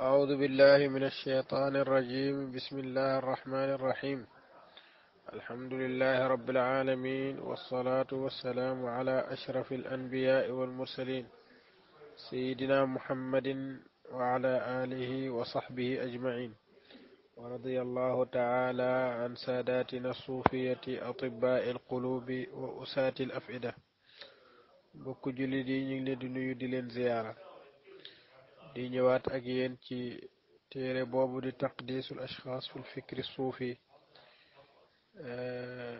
أعوذ بالله من الشيطان الرجيم بسم الله الرحمن الرحيم الحمد لله رب العالمين والصلاة والسلام على أشرف الأنبياء والمرسلين سيدنا محمد وعلى آله وصحبه أجمعين ورضي الله تعالى عن ساداتنا الصوفية أطباء القلوب وأسات الأفئدة بكجل دين لدن دي زياره di ñëwaat ak yéen ci téere boobu di taqdisul ashxaas fil fikri suufi eh,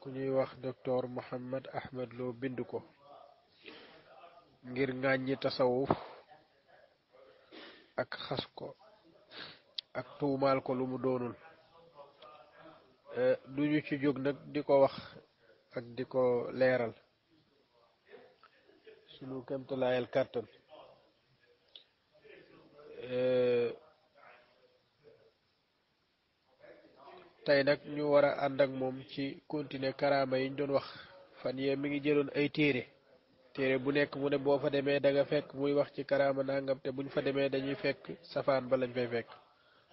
ku ñuy wax docteur Mohammad Ahmad Lo bind ko ngir ŋàññi tasawuf ak xas ko ak tuumaal ko lu mu doonul eh, ñu ci jóg nag di ko wax ak di ko leeral sunu kemtalaayal kàttan tey nag ñu war a ànd ak moom ci continuer karaama yi ñu doon wax fan yee mi ngi jëloon ay téere téere bu nekk mu ne boo fa demee da nga fekk muy wax ci karaama nangam te buñ fa demee dañuy fekk safaan ba lañ fay fekk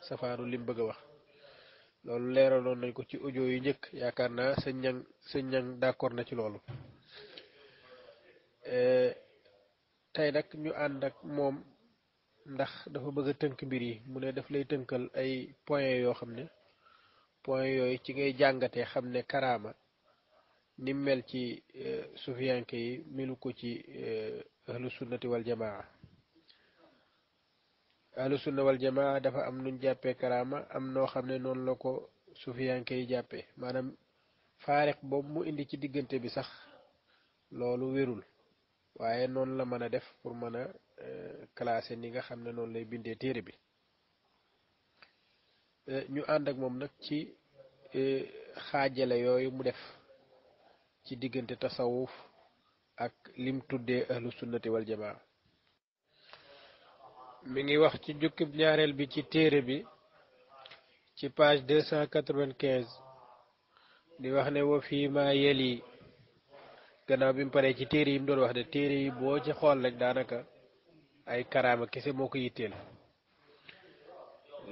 safaanu lim bëgg a wax loolu leeraloon nañ ko ci audio yi njëkk yaakaar naa sëñ ñang sëñ ñang d'accord na ci loolu tey nag ñu ànd ak moom ndax dafa bëgg a tënk mbir yi mu ne daf lay tënkal ay point yoo xam ne point yooyu ci ngay jàngate xam ne karaama ni mel ci euh, sufiyanke yi melu ko ci euh, ahlu sunnati wal jamaa ahlu sunna wal jamaa dafa am nuñ jàppee karaama am noo xam ne noonu la ko sufiyanke yi jàppee maanaam faareq boobu mu indi ci diggante bi sax loolu wérul waaye noonu la mën a def pour mën a Euh, classé ni nga xam ne noonu lay bindee téere bi euh, ñu ànd ak moom nag ci euh, xaajale yooyu mu def ci diggante tasawuf ak lim tuddee ahlu sunnati wal jamaa mi ngi wax ci jukkib ñaareel bi ci téere bi ci page deux cent quatre-vingt-quinze di wax ne wa fii ma yeli gannaaw bi mu paree ci téere yi mu doon wax de téere yi boo ci xool rek daanaka ay karama kesse moko yittel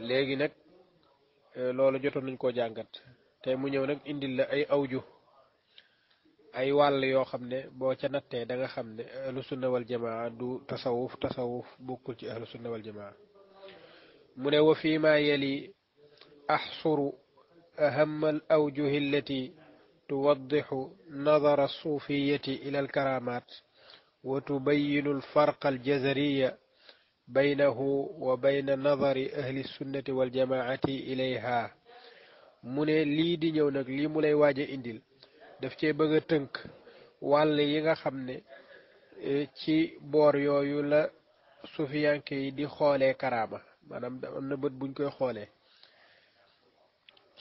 yitteel nak lolu jotto nagn ko jàngat tey mu ñëw nak indil la ay awju ay wal yo xamne bo ca natte da nga xamne ne sunna wal jamaa du tasawuf tasawuf bokkul ci ahlu sunna wal jamaa mu ne wa fi ma yali ahsuru اهم الاوجه التي توضح نظر الصوفيه الى الكرامات وتبين الفرق الجذري بينه وبين نظر أهل السنة والجماعة إليها mu ne lii di ñëw nag lii mu lay waaj a indil daf cee bëgg a tënk wàll yi nga xam ne ci boor yooyu la sufiyanke yi di xoolee karaama maanaam am na bët buñ koy xoolee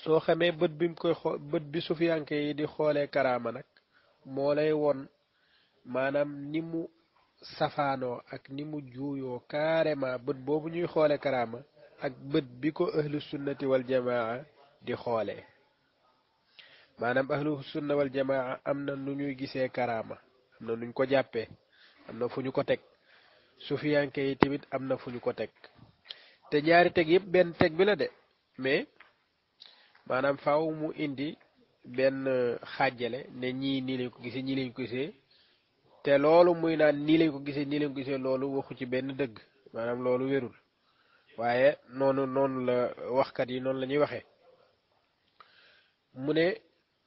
soo xamee bët bi mu koy xoo bët bi sufiyanke yi di xoolee karaama nag moo lay won maanaam ni mu safaanoo ak ni mu juuyoo carrément bët boobu ñuy xoole karaama ak bët bi ko ahlu sunnati jamaa di xoole maanaam ahlu sunna wal jamaa am na nu ñuy gisee karaama am na nuñ ko jàppee am na fu ñu ko teg sufiyanke yi tamit am na fu ñu ko teg te ñaari teg yëpp benn teg bi la de mais maanaam faw mu indi benn xaajale ne ñii nii leen ko gisee ñii leen ko gisee te loolu muy naan nii lañ ko gisee nii lañ ko gisee loolu waxu ci benn dëgg maanaam loolu wérul waaye noonu noonu la waxkat yi noonu la ñuy waxee mu ne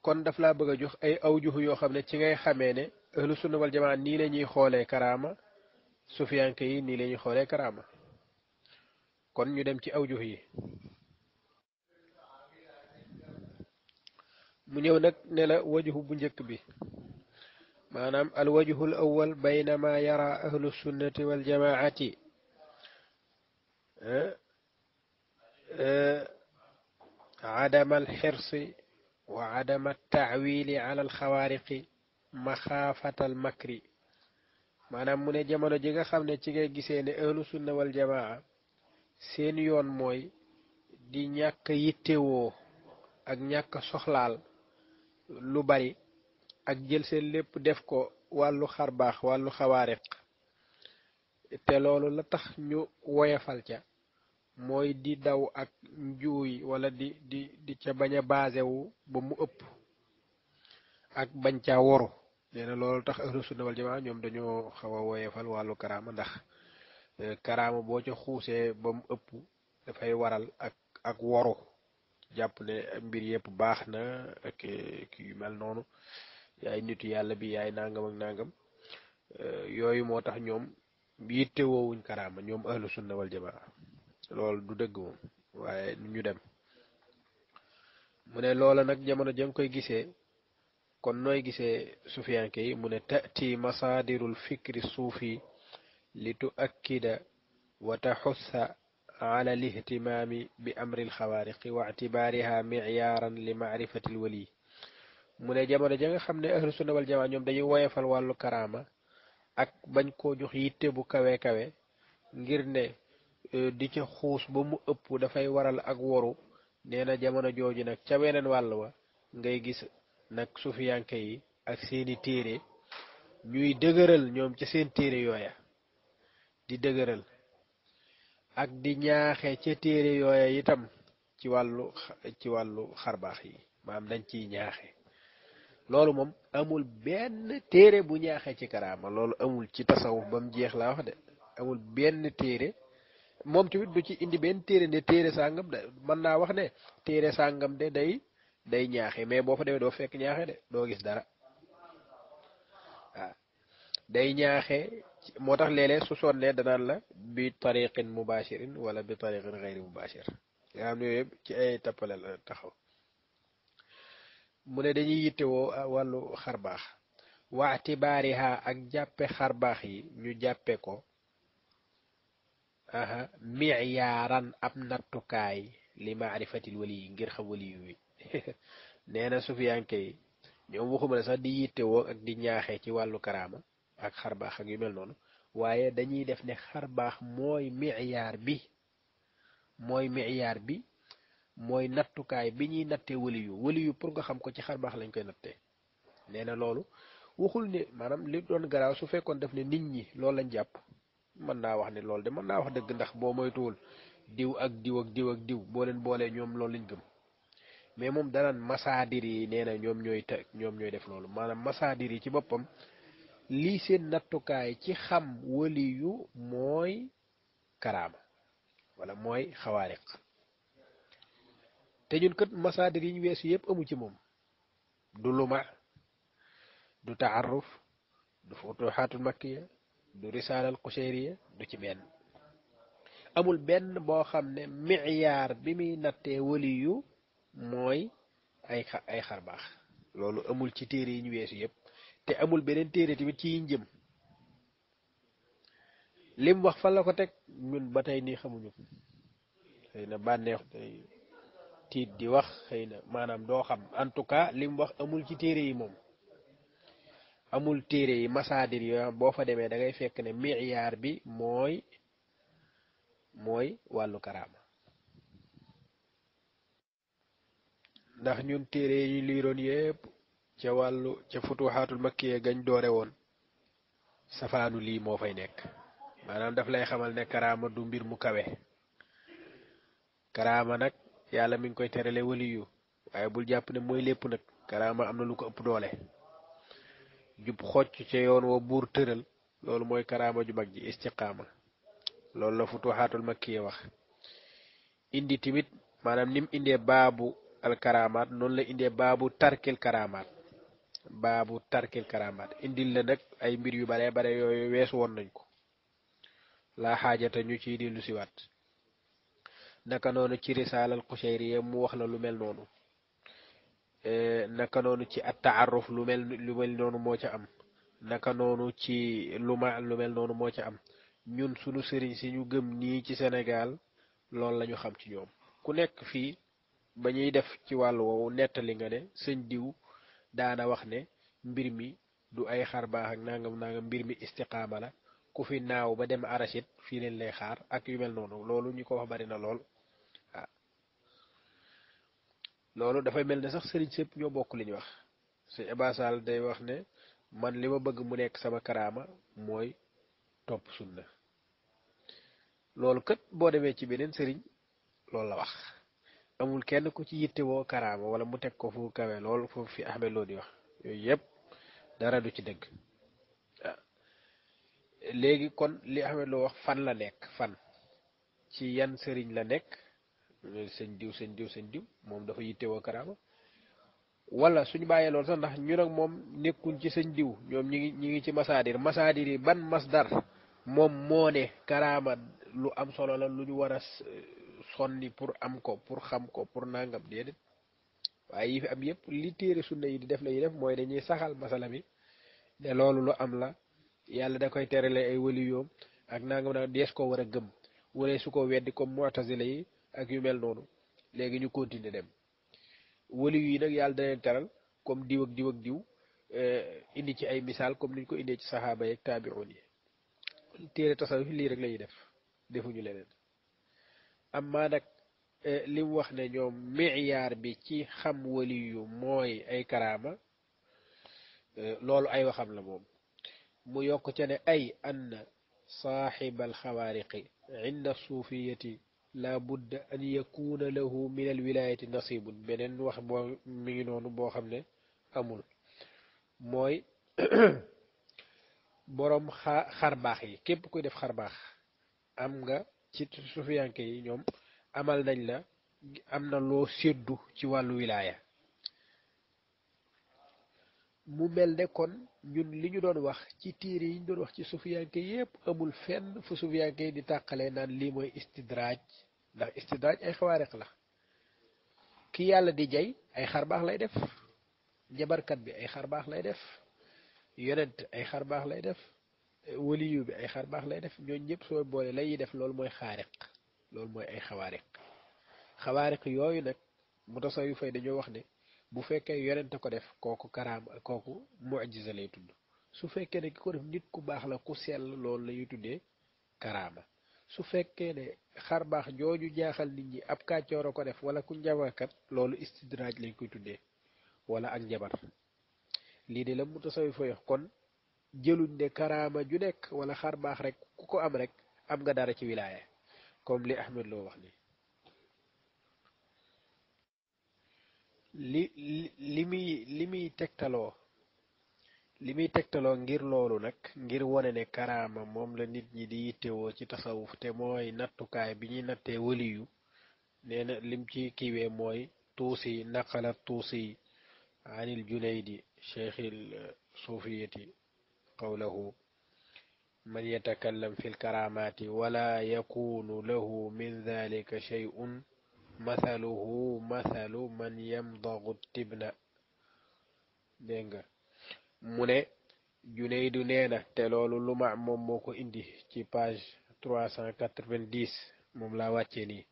kon daf laa bëgg a jox ay aw juxu yoo xam ne ci ngay xamee ne ahlu sunna wal jamaa nii la ñuy xoolee karaama sufiyanke yi nii lañuy xoole xoolee karaama kon ñu dem ci aw juxu yi mu ñëw nag ne la wajuxu bu njëkk bi ما نم الوجه الأول بينما يرى أهل السنة والجماعة أه؟ أه؟ عدم الحرص وعدم التعويل على الخوارق مخافة المكر ما نم من جمال جيغا خامنة جيغا جيسين أهل السنة والجماعة سين يون موي دي نياك يتوو أك نياك سخلال لو بري ak jël seen lépp def ko wàllu xarbaax wàllu xawaariq te loolu la tax ñu woyefal ca mooy di daw ak njuuy walla di di di ca bañ a baasewu ba mu ëpp ak bañ ca woru nee na loolu tax ahlu sunna wal jamaa ñoom dañoo xaw a woyefal wàllu karaama ndax e, karaama boo ca xuusee ba mu ëpp dafay waral ak ak woru jàpp ne mbir yëpp baax na e, ki yu mel noonu yaay nitu yàlla bi yaay nangam ak euh, yooyu moo tax ñoom yitte woowuñ karaama ñoom ahlu sunna wal jamaa loolu du dëgg moom waaye ñu dem mu ne loola nag jamono ja nga koy gisee kon nooy gise sufiyanke yi mu ne tati masaadirul fikri suufi li tuakkida wa taxussa ala lihtimaami bi amri alxawaariqi wa ictibaariha miciyaaran li macrifati alwali mu ne jamono ja nga xam ne ahlu sunna wal jamaa ñoom dañuy woyefal wàllu karaama ak bañ koo jox yitte bu kawe kawe ngir ne e, di ca xuus ba mu ëpp dafay waral ak woru nee jamono jooju nag ca weneen wàll wa ngay gis nag sufiyanke yi ak seeni téere ñuy dëgëral ñoom ca seen téere yooya di dëgëral ak di ñaaxe ca téere yooya itam ci wàllu ci wàllu xarbaax yi maam dañ ciy ñaaxe loolu moom amul benn téere bu ñaaxee ci karaama loolu amul ci tasaw ba jeex laa wax de amul benn téere moom tamit du ci indi benn téere ne téere sàngam de mën naa wax ne téere sàngam de day day ñaaxe mais boo fa demee doo fekk ñaaxe de doo gis dara waaw day ñaaxe moo tax léeg su sonnee danaan la bi tariqin mubashirin wala bi tariqin xayri mubashir nga xam ne yooyu yëpp ci ay tappale la taxaw mu ne dañuy yittewoo ah, wàllu xar baax waatibaariha ak jàppe xarbaax yi ñu jàppe ko miyaaran ab nattukaay li maarifatil wali yi ngir xam wali wi nee na sufiyanke yi ñoom waxuma ne sax di yittewoo ak di ñaaxee ci wàllu karaama ak xar ak yu mel noonu waaye dañuy def ne xarbaax mooy miyaar bi mooy miyaar bi mooy nattukaay bi ñuy nattee wali yu wali pour nga xam ko ci xar baax lañ koy nattee nee na loolu waxul ne maanaam li doon garaaw su fekkoon def ne nit ñi loolu lañ jàpp mën naa wax ne loolu de mën naa wax dëgg ndax boo moytuwul diw ak diw ak diw ak diw boo leen boolee ñoom loolu lañ gëm mais moom danaan masaadir yi nee ñoom ñooy te ñoom ñooy def loolu maanaam masaadir yi ci boppam lii seen nattukaay ci xam wali yu mooy karaama wala mooy xawaariq te ñun kat masaadir yi ñu weesu yépp amu ci moom du luma du taaruf du futuxaatul makkiya du risaalal kuseyriya du ci benn amul benn boo xam ne miyaar bi muy nattee wali yu mooy ay ay xarbaax loolu amul ci téere yi ñu weesu yépp te amul beneen téere tamit ci yiñ jëm lim wax fan la ko teg ñun ba tey nii xamuñu ko xëy na bànneex tiit di wax xëy na maanaam doo xam en tout cas li mu wax amul ci téere yi moom amul téere yi masaadir yoo boo fa demee dangay fekk ne miyaar bi mooy mooy wàllu karaama ndax ñun téere yi liiroon yépp ca wàllu ca futuxaatul makkiye gañ doore woon safaanu lii moo fay nekk maanaam daf lay xamal ne karaama du mbir mu kawe karaama nag yàlla mi ngi koy terale waliyu waaye bul jàpp ne mooy lépp nag karaama am na lu ko ëpp doole jub xocc ca yoon wa buur tëral loolu mooy karaama ju mag ji istiqaama loolu la waxaatul futuxaatul makkiya wax indi timit maanaam nim indee baabu alkaramaat noonu la indee baabu tarkil karamaat baabu tarkil karamaat indil la nag ay mbir yu bare bare yooyu wees woon nañ ko laa xaajata ñu ciy dellu siwaat naka noonu ci risaalal Qushayriya mu wax la lu mel noonu e, naka noonu ci at taaruf lu mel noonu moo ca am naka ci lu ma lu mel am ñun sunu sëriñ si ñu gëm nii ci senegal loolu lañu xam ci ñoom ku nekk fii ba ñuy def ci wàll woowu nettali nga ne sëñ diw daana wax ne mbir mi du ay xar baax ak nangam nangam mbir mi istiqaama la ku fi naaw ba dem arachid fii leen lay xaar ak yu mel noonu loolu ñu ko wax bari na lool loolu dafay mel ne sax sëriñ sépp ñoo bokk li ñu wax si ebasal day wax ne man li ma bëgg mu nekk sama karaama mooy topp sunna loolu kat boo demee ci beneen sëriñ loolu la wax amul kenn ku ci yittewoo woo karaama wala mu teg ko fu kawe loolu foofu fi Ahmed Lo di wax yooyu yëpp dara du ci dëgg ah. léegi kon li Ahmed loo wax fan la nekk fan ci yan sëriñ la nekk sëñ diw seen diw sëñ diw moom dafa yittewoo karaama wala suñu bàyyee loolu sax ndax ñun ak moom nekkuñ ci sëñ diw ñoom ñi ngi ñi ngi ci masaadir masaadir yi ban mas masdar moom moo ne karaama lu am solo la lu ñu war a sonni pour am ko pour xam ko pour nangam déedéet waaye yi fi am yépp li téere sunna yi di def la ñuy def mooy dañuy saxal masala mi ne loolu lu am la yàlla da koy terale ay wali ak nangam nag dees ko war a gëm wala su ko weddi comme mu'tazila yi ak yu mel noonu léegi ñu continuer dem wali yi nag yàlla da leen comme diw ak diw ak diw eh, indi ci ay misaal comme niñ ko indee ci saxaaba yeeg taabiroon yi téere tasawuf lii rek la ñuy def defuñu leneen amma nag eh, li wax ne ñoom miyaar bi ci xam wali yu mooy ay karaama eh, loolu ay waxam la moom mu yokk ca ne ay ann saaxibal xawaariqi inda suufiyati la budda an yakuna lahu min al wilayati nasibun beneen wax boo mi ngi noonu boo xam ne amul mooy boroom xar baax yi képp koy def xar baax am nga ci sufiyanke yi ñoom amal nañ la am na loo séddu ci wàllu wilaaya mu mel ne kon ñun li ñu doon wax ci tiir yi ñu doon wax ci sufiyanke yépp amul fenn fu sufiyanke yi di tàqalee naan lii mooy istidraaj ndax istidraaj ay xawaariq la ki yàlla di jay ay xar baax lay def jabarkat bi ay xar baax lay def yonent ay xar baax lay def waliyu bi ay xar baax lay def ñooñ ñëpp soo boole la ñuy def loolu mooy xaariq loolu mooy ay xawaariq xawaariq yooyu nag mu tasaw yu fay dañoo wax ne bu fekkee yonent ko def kooku karaam kooku mucjisa lay tudd su fekkee ne ki ko def nit ku baax la ku sell loolu lañuy tuddee karaama su fekkee ne xarbaax baax jooju jaaxal nit ñi ab kàccoor a ko def wala ku njabarkat loolu istidraaj lañ koy tuddee wala ak njabar lii de la mu tasawifa yox kon jëluñ ne karaama ju nekk wala xar baax rek ku ko am rek am nga dara ci wilaaya comme li Ahmed loo wax ni li li muy li muy tegtaloo limi tektalo ngir lolou nak ngir wonene karama mom la nit ñi di yitté wo ci tasawuf te moy mooy kay bi ñi nattee waliyu nee lim ci kiwé moy tuusi naqala tuusi anil junaydi cheikhil sufiyati qawlahu من يتكلم في الكرامات ولا يكون له من ذلك شيء مثله مثل من يمضغ التبن دينغا mu ne Junaydu du na te loolu luma moom moo ko indi ci page 390 moom laa wàccee nii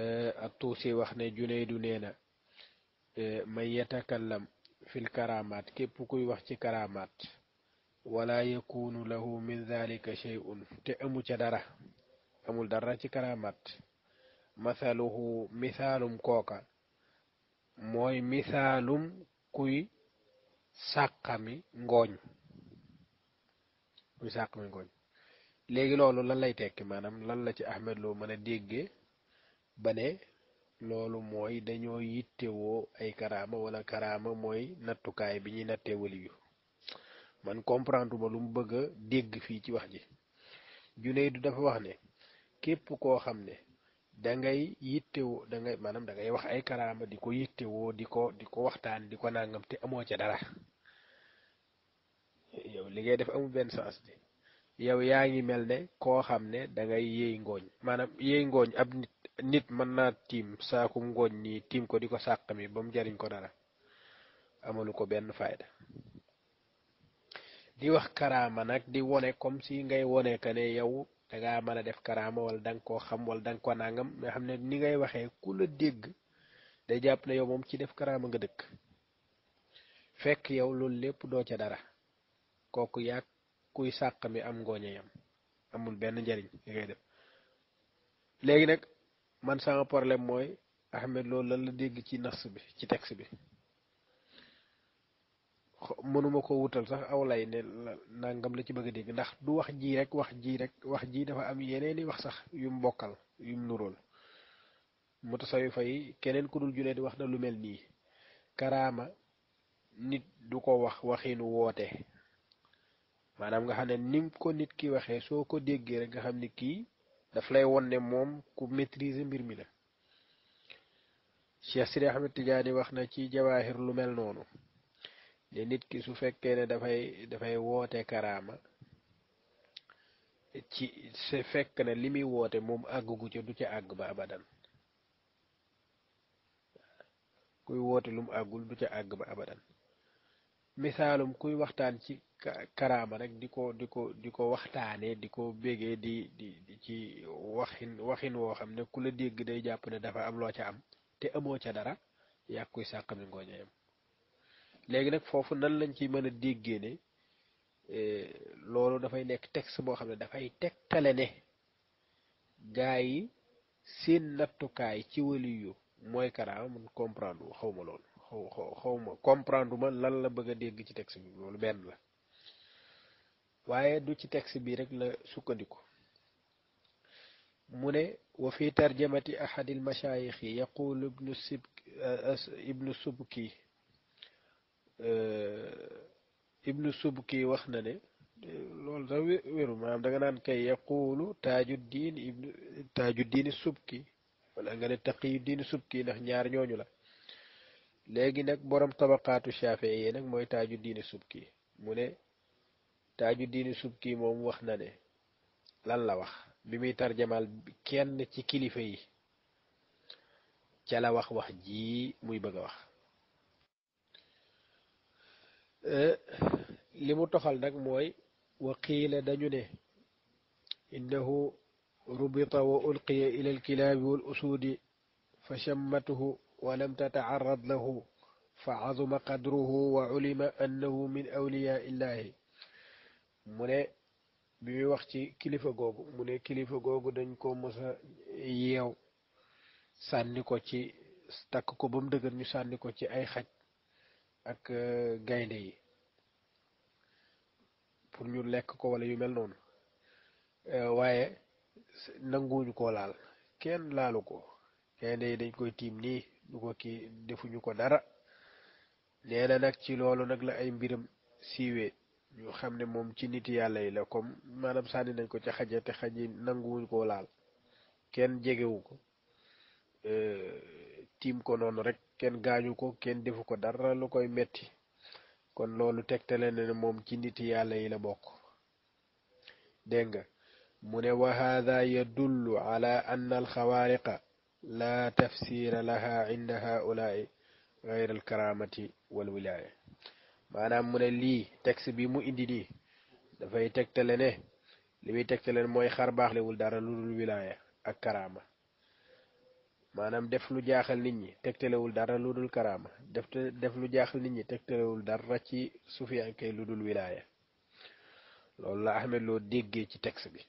euh, ak tuusi wax ne Junaydu nee na euh, man yatakallam fil karamaat képp kuy wax ci karamaat wala yakunu lahu min dhalika shay'un te amu ca dara amul dara ci karamaat mathaluhu misaalum kooka mooy misaalum kuy sàqami ngooñ muy sàqami ngooñ léegi loolu lan lay tekki maanaam lan la ci Ahmed loo mën a dégge ba ne loolu mooy dañoo yittewoo ay karaama wala karaama mooy nattukaay bi ñuy nattee waliyu man comprendre ma lu mu bëgg a dégg fii ci wax ji Junayd du dafa wax ne képp koo xam ne da ngay yittewoo da ngay maanaam da ngay wax ay karaama di ko yittewoo di ko di ko waxtaan di ko nangam te amoo ca dara yow li ngay def amul benn sens de yow yaa ngi mel ne koo xam ne dangay ngay ngooñ maanaam yéey ngooñ ab nit mën naa tiim saakum ngooñ nii tiim ko di ko sàq mi ba mu jariñ ko dara amalu ko benn fayda di wax karaama nag di wone comme si ngay wone que ne yow dangaa mën def karaama wala da nga koo xam wala da nga ko nangam nga xam ne ni ngay waxee ku la dégg day jàpp na yow moom ci def karaama nga dëkk fekk yow loolu lépp doo ca dara kooku yàgg kuy sàq mi am ngooñe yam amul benn njariñ li ngay def léegi nag man sama problème mooy Ahmed loolu lan la dégg ci nas bi ci tex bi mënuma ko wutal sax aw lay ne nangam la ci bëgg a dégg ndax du wax jii rek wax jii rek wax ji dafa am yeneen i wax sax yum bokkal yum nuróol mutasawifa yi keneen ku dul julee di wax na lu mel nii karaama nit du ko wax waxinu woote maanaam nga xam ne nim ko nit ki waxee soo ko déggee rek nga xam ni kii dafa lay won ne moom ku maîtriser mbir mi la de Sidi Ahmed Tidiane wax na ci jawaahir lu mel noonu je nit ki su fekkeene dafay dafay woote karaama ci se fekk ne li muy woote moom àggugu ca du ca àgg ba abadan kuy woote lu mu àggul du ca àgg ba abadan misaalum kuy waxtaan ci karaama rek di ko di ko di ko waxtaanee di ko bégee di di ci waxin waxin woo xam ne ku la dégg day jàpp ne dafa am loo ca am te amoo ca dara yàg kuy sàq mi ngooñeyam léegi nag foofu nan lañ ci mën a déggee ne eh, loolu dafay nekk texte boo xam ne dafay tegtale ne gaa yi siin nattukaay ci waliyu mooy karaama man comprendre xaw ma loolu xaw xaw ma comprendre ma lan la bëgg a dégg ci texte bi loolu benn la waaye du ci texte bi rek la sukkandiku mu ne wa fi tarjamati ahadil mashayixi yaqulu ibnu sib eh, ibnu subki Euh, ibnu subki wax na ne loolu sax wéru maanaam da nga naan kay yaquulu taaju diin ibnu diini subki wala nga ne taqiyu diini subki ndax ñaar ñooñu la léegi nag boroom tabaqaatu shafii yi nag mooy taaju diini subki mu ne taaju diini subki moom wax na ne lan la wax bi muy tarjamaal kenn ci kilifa yi ca la wax wax ji muy bëgg wax limu toxal nak moy wa qila dañu ne innahu rubita wa ulqiya فعظم قدره وعلم انه من اولياء الله مني بي وختي غوغو مني كليفه غوغو دنجكو مسا ييو سانيكو تي تاكو بوم اي خاج ak euh, gaynde yi pour ñu lekk ko wala yu mel noonu euh, waaye nanguwuñu ko laal kenn laalu ko gaynde yi dañ koy tiim nii du ko ki defuñu ko dara nee nag ci loolu nag la ay mbiram siiwee ñu xam ne moom ci nit yàlla yi la comme maanaam sànni nañ ko ci xaja te xaj yi nanguwuñ koo laal kenn jegewu ko euh, tiim ko noonu rek kenn gaañu ko kenn defu ko dara lu koy metti kon loolu tegtale na ne moom ci nit yàlla yi la bokk dégg nga mu ne wa haada yadullu ala anna alxawaariqa laa tafsiira laha inda haulaai gayra alkaraamati wal wilaaya maanaam mu ne lii texte bi mu indi nii dafay tegtale ne li muy tegtale ne mooy xar baax lewul dara lu dul wilaaya ak karaama maanaam def lu jaaxal nit ñi tegtelewul dara lu dul karaama def def lu jaaxal nit ñi tegtalewul dara ci sufiyanke lu dul wilaaya loolu la Ahmed loo déggee ci texte bi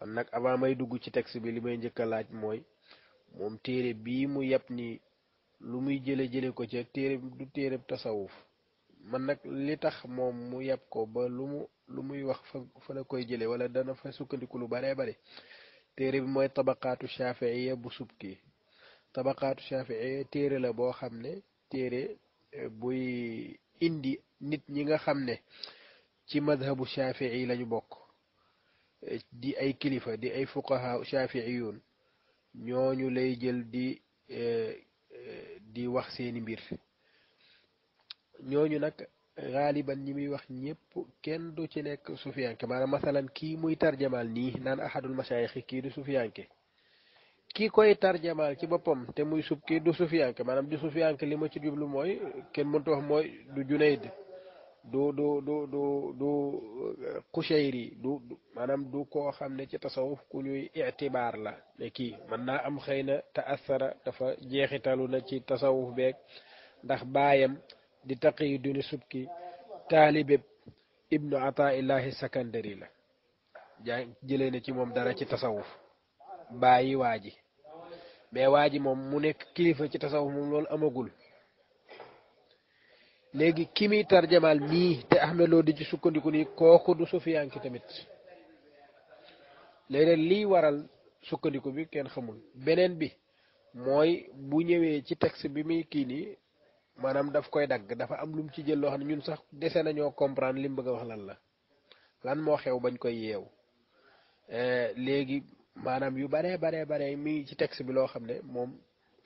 man nag avant may dugg ci texte bi li may njëkk a laaj mooy moom téere bii mu yàpp ni lu muy jële jële ko ci ak téere du téere tasawuf man nag li tax moom mu yàpp ko ba lu mu lu muy wax fa fa la koy jële wala dana fa sukkandiku lu baree bare téere bi mooy tabaqaatu shafiiya bu subki tabaqaatu shafiiya téere la boo xam ne téere eh, buy indi nit ñi nga xam ne ci madhabu shafii lañu bokk eh, di ay kilifa di ay fuqaha shafiiyun ñooñu lay jël di eh, di wax seeni mbir ñooñu nag xaaliban ñi muy wax ñëpp kenn du ci nekk sufiyanke maanaam masalan kii muy tarjamaal nii naan ahadul masaayixi kii du sufiyanke ki koy tarjamaal ci boppam te muy sub kii du sufiyanke maanaam du sufiyanke li ma ci jublu mooy kenn mënta wax mooy du junayd du du du du du kushayri du maanaam du koo xam ne ci tasawuf ku ñuy itibaar la ne kii mën naa am xëy na te asara dafa jeexitalu na ci tasawuf beeg ndax baayam di taqi duni subki taalibeb ibnu ataa illahi sakandari la jaa jële na ci moom dara ci tasawuf bàyyi waa ji mais waa ji moom mu nekk kilifa ci tasawuf moom loolu amagul léegi ki muy tarjamaal mii te Ahmed Lo di ci sukkandiku nii kooku du sufiyanki tamit léeg-léeg lii waral sukkandiku bi kenn xamul beneen bi mooy bu ñëwee ci texte bi muy kii nii maanaam daf koy dagg dafa am lu mu ci jël loo xam ne ñun sax dese nañoo comprendre li mu bëgg wax lan la lan moo xew bañ koy yeew eh, léegi maanaam yu baree baree baree mi ngi ci tex bi loo xam ne moom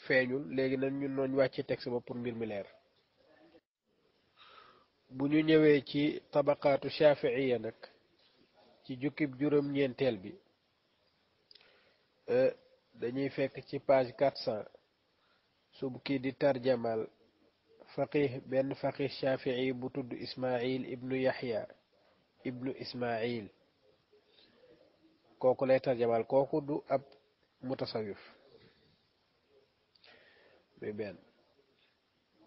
feeñul léegi nañ ñun nooñ wàcce texte ba pour mbir mi leer bu ñu ñëwee ci tabakaatu tabaqaatu shaafiiya nag ci jukkib juróom-ñeenteel bi eh, dañuy fekk ci page 400 sub kii di tarjamal فقيه بن فقيه الشافعي بطد إسماعيل ابن يحيى ابن إسماعيل كوكو لا يترجمال كوكو دو أب متصوف ببين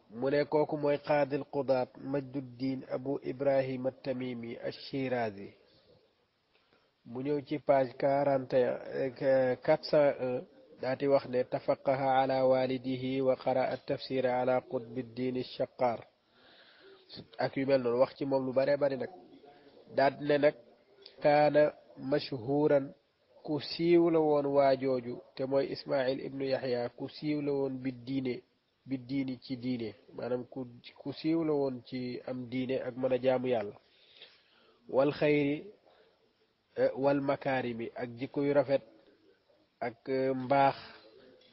من كوكو موي قاد القضاة مجد الدين أبو إبراهيم التميمي الشيرازي من يوتي باج 41 401 daati wax ne tafaqaha ala walidihi wa qara at tafsir ak yu mel noonu wax ci moom lu bare bari nag daat ne nag kaana mashhuran ku siiw la woon waajooju te mooy ismail ibnu yaxya ku siiw la woon bi diine bi diini ci diine maanaam ku siiw la woon ci am diine ak mën a jaamu yàlla wal xayri eh, wal makaarimi ak jikko yu rafet ak eh, mbaax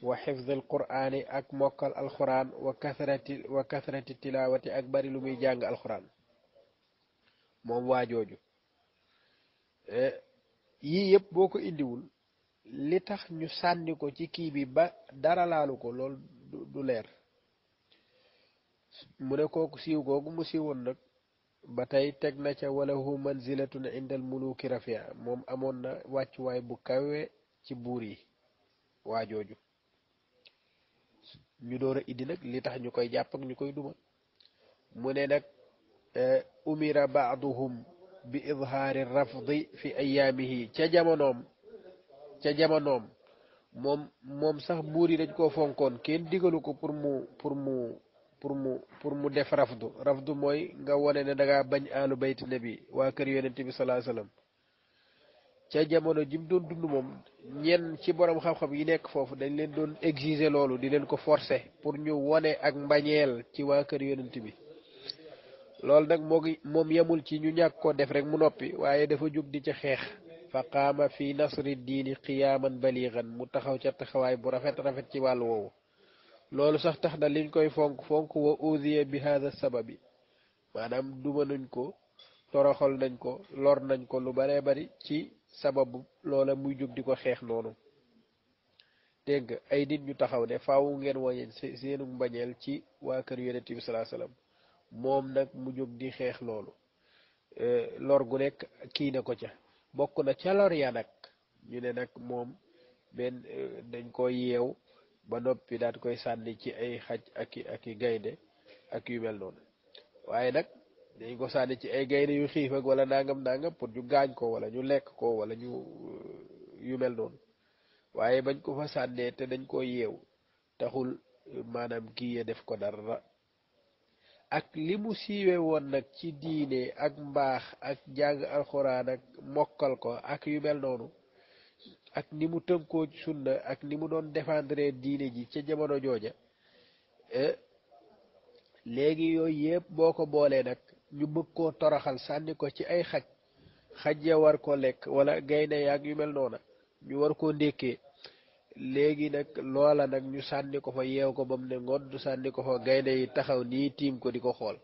wa xifdal quraani ak mokkal alxuraan wa wa kasrati tilaawati ak bari lu muy jàng alxuraan moom waa jooju eh, yii yëpp boo ko indiwul li tax ñu sànni ko ci kii bi ba dara laalu ko lool du leer mu ne kooku siiw googu mu siiwoon nag ba tey teg na ca walahu manzilatun indal muluki rafia moom amoon na wàccuwaay bu kawe ci buri yi waa ñu doora a indi nag li tax ñukoy japp ak ñukoy duma mune nak eh, umira ba'dhum bi idhaari rafdui fi ayaamihi ca jamonom ca jamonom mom mom sax buur yi dañ ko fonkon kenn digalu ko pour mu pour mu pour mu pour mu def rafdu rafdu moy. nga woné né da nga bañ alu bayt nabi wa kër yonente bi alayhi wasallam ca jamono ji mu doon dund moom ñenn ci borom xam-xam yi nekk foofu dañ leen doon exiger loolu di leen ko forcer pour ñu wone ak mbañeel ci waa kër yonent bi loolu nag moo ngi moom yemul ci ñu ñàkk koo def rek mu noppi waaye dafa jóg di ca xeex fa qaama fi nasri diini qiyaaman baligan mu taxaw ca taxawaay bu rafet rafet ci wàll woowu loolu sax tax na liñ koy fonk fonk wa uziya bi hada sababi maanaam duma nañ ko toroxal nañ ko lor nañ ko lu bare bari ci sababu loola muy jóg di ko xeex noonu dégg nga ay nit ñu taxaw ne faaw ngeen wàññi seenu mbañeel ci waa kër yu bi salaa moom nag mu jóg di xeex loolu lor gu nekk kii na ko ca bokk na ca lor ya nag ñu ne nag moom benn dañ ko yeew ba noppi daal koy sànni ci ay xaj ak i ak i gaynde ak yu mel noonu waaye nag day gosaani ci ay e gayna yu xiif ak wala nangam nangam pour ñu gaañ ko wala ñu lekk ko wala ñu uh, yu mel noonu waaye bañ ko fa sànnee te dañ koo yeew taxul maanaam kii ye def ko dara ak li mu siiwe woon nag ci diine ak mbaax ak jàng alxuraan ak mokkal ko ak yu mel noonu ak ni mu tënkoo sunna ak ni mu doon défendre diine ji ca jamono jooja eh, léegi yooyu yépp boo ko boolee nag ñu bëgg koo toraxal sànni ko ci ay xaj xaj ya war ko lekk wala gaynde yaag yu mel noona ñu war koo ndékkee léegi nag loola nag ñu sànni ko fa yeew ko bam ne ngoddu sànni ko fa gaynde yi taxaw nii tiim ko di ko xool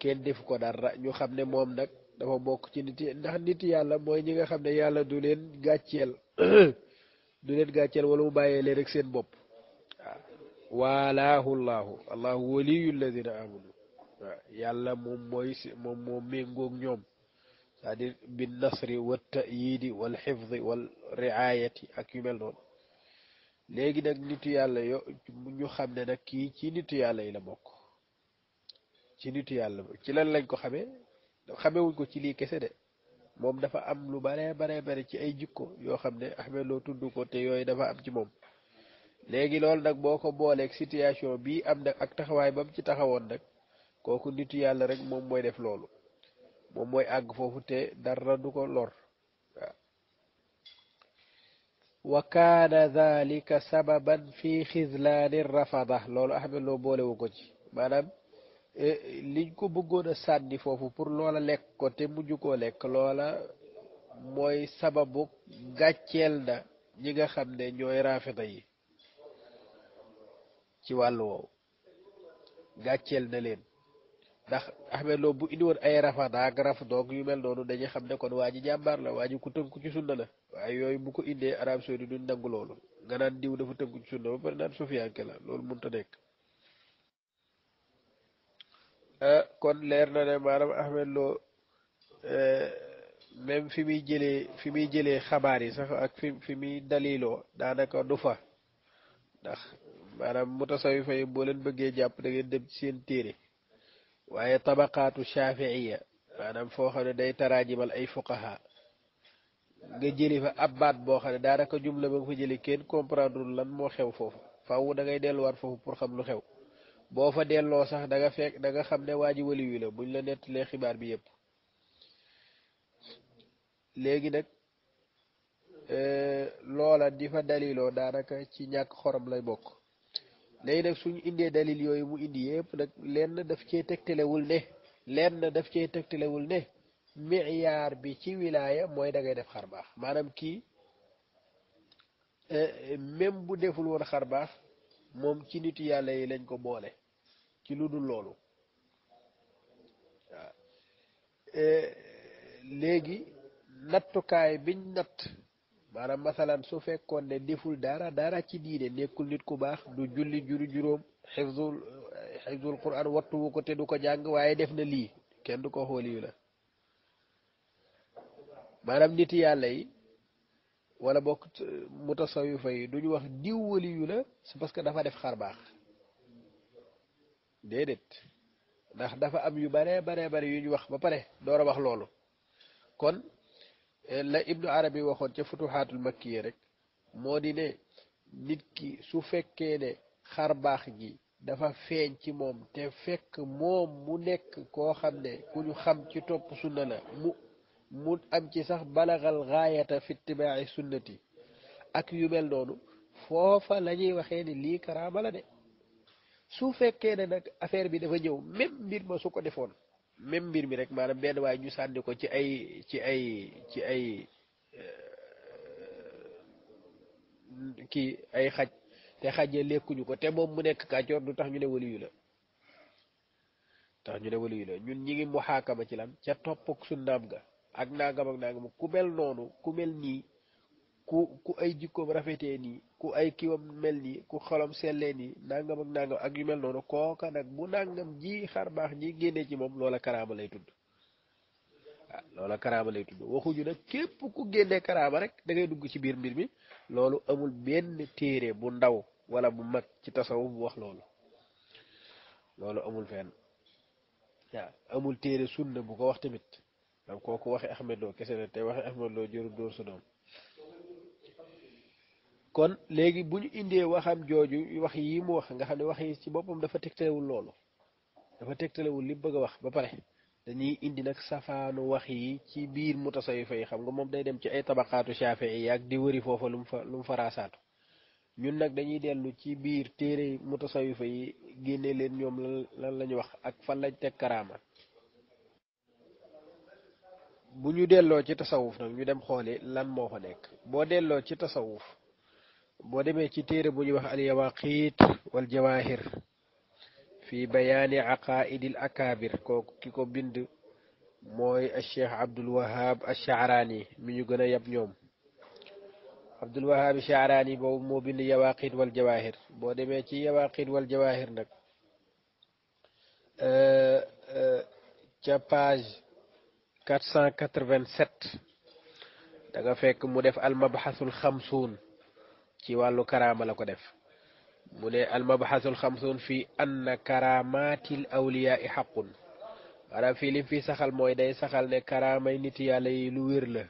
kenn def ko dara ñu xam ne moom nag dafa bokk ci nit ndax nit yàlla mooy ñi nga xam ne du leen gàcceel du leen gàcceel wala mu bàyyee leen rek seen bopp allahu allahu waliyu alladina amanu yallah mum moy mom mo mengok ñom c'est à dire bin nasri wa ta'yid wal hifdh wal ri'ayati ak yu mel non legui nak nitu yalla yo ñu xamne nak ki ci nitu yalla la bok ci nitu yalla ci lan lañ ko xamé xamé wuñ ko ci li kessé dé mom dafa am lu bare bare bare ci ay jikko yo xamné ahmed lo tuddu ko té yoy dafa am ci mom legui lol nak boko bolé ak situation bi am nak ak taxaway bam ci taxawon nak kooku nitu yàlla rek moom mooy def loolu moom mooy àgg foofu te dara du ko lor waaw wa kaana dalika sababan fi xislaani rafada loolu axamet loo boolewu ko ci maanaam e, liñ ko bëggoon a sànni foofu pour loola lekk ko te mujj koo lekk loola mooy sababu gàcceel na ñi nga xam ne ñooy rafida yi ci wàllu woowu gàcceel na leen ndax Ahmed Lo bu indi woon ay rafata ak raf doog yu mel noonu dañuy xam ne kon waa ji jàmbaar la waa ji ku tënku ci sunna la waaye yooyu bu ko indee arab saudi du nangu loolu nga naan diw dafa tënku ci sunna ba pare naan sufiyanke la loolu mënut a nekk eh, kon leer na ne maanaam Ahmed Lo eh, même fi muy jëlee fi muy jëlee xabaar yi sax ak fi fi muy daliloo daanaka du fa ndax maanaam mutasawifa yi boo leen bëggee jàpp da ngeen dem seen téere waaye tabakaatu shaafiiya maanaam foo xam ne day taraajimal ay fuqaha nga jëli fa ab baat boo xam ne daanaka jumla ba nga fa jëli kenn comprendre lan moo xew foofu faaw dangay delluwaat foofu pour xam lu xew boo fa delloo sax danga nga fekk da nga xam ne waa ji waliyu la buñ la nettalee xibaar bi yépp léegi nag euh, loola di fa daliloo daanaka ci ñàkk xorom lay bokk léegi nag suñu indee dalil yooyu mu indi yëpp nag lenn daf cee tegtalewul ne lenn daf cee tegtalewul ne miyaar bi ci wilaaya mooy dangay def xar baax maanaam kii eh, même bu deful woon xar baax moom ci nit yàlla yi lañ ko boole ci lu dul loolu waaw eh, léegi nattukaay biñ natt maanaam masalan su fekkoon ne deful dara dara ci diine nekkul nit ku baax du julli juru juróom xifzul xifzul quran wattuwu ko te du ko jàng waaye def na lii kenn du ko xooliyu la maanaam nit yàlla yi wala bokk mutasawifa yi duñu wax diw waliyu la c'est parce que dafa def xar baax déedéet ndax dafa am yu bare bare bare yu ñu wax ba pare door a wax loolu kon la ibnu arabi waxoon ca futuhaatul makkiye rek moo di ne nit ki su fekkee ne xarbaax gi dafa feeñ ci moom te fekk moom mu nekk koo xam ne ku ñu xam ci topp sunna la mu mu am ci sax balagal gaayata fi itibaaci sunnati ak yu mel noonu foofa la ñuy waxee ni lii karaama la de su fekkee ne nag affaire bi dafa ñëw même mbir ma su ko defoon même mbir mi rek maanaam benn waaye ñu sànni ko ci ay ci ay ci ay euh, kii ay xaj te xaj ya lekkuñu ko te moom mu nekk kàccoor du tax ñu ne waliyu la tax ñu ne waliyu ñun ñi ngi mu xaakama ci lan ca topp ak sunnaam ga ak nangam ak nangam ku mel noonu ku nii ku ku ay jikko ni ku ay kiwam melni ku xolam seleni. ni nangam ak nangam ak yu mel nonu koka nak bu nangam ji xar bax ji génnee ci mom Lola karaama lay tudd lola ah, loola lay tudd ju nak képp ku génnee karaama rek da ngay dugg ci bir mbir mi lolu amul benn téré bu ndaw wala bu mag ci tasawuf Lolo wax lolu lolu amul fenn Ya, amul téré sunna bu ko wax tamit donc kooku waxe ahmed lo kese te waxe ahmed lo jëru sa kon léegi bu ñu indee waxam jooju wax yii mu wax nga xam ne wax yi ci boppam dafa tegtalewul loolu dafa tegtalewul li bëgg a wax ba pare dañuy indi nag safaanu wax yi ci biir mutasawifa yi xam nga moom day dem ci ay tabaqaatu shafii ak di wëri foofa lu mu fa lu mu ñun nag dañuy dellu ci biir téere mutasawifa yi génne leen ñoom lan lan la wax ak fan lañ teg karaama bu ñu delloo ci tasawuf nag ñu dem xooli lan moo fa nekk boo delloo ci tasawuf بودمي تي تيري بوني واخ اليواقيت والجواهر في بيان عقائد الاكابر كيكو بند موي الشيخ عبد الوهاب الشعراني ميو غنا ياب نيوم عبد الوهاب الشعراني بو مو بند يواقيت والجواهر بودمي تي يواقيت والجواهر نك ا تي 487 دا فك مو ديف المبحث الخمسون ci walu karama lako ko def mu ne almabhasul khamsun fi anna karamatil awliya haqqun ara fi fii lim fi saxal moy day saxal ne karama nit yàlla yi lu wér la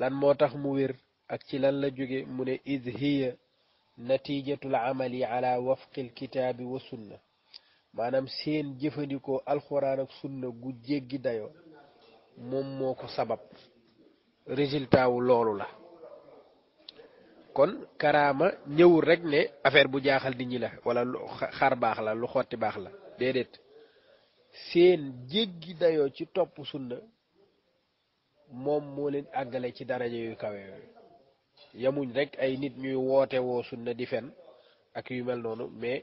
lan motax mu wér ak ci lan la jóge mune ne hiya natijatul amali ala wafqil kitab wa sunnah manam seen al qur'an ak sunna gu jéggi dayo mom moko sabab résultat wu lolou la kon karaama ñëwul rek ne affaire bu jaaxal di ñi la wala lu xar baax la lu xotti baax la déedéet seen jéggi dayoo ci topp sunna moom moo leen àggale ci daraja yu kawe yooyu yamuñ rek ay nit ñuy woote woo sunna di fen ak yu mel noonu mais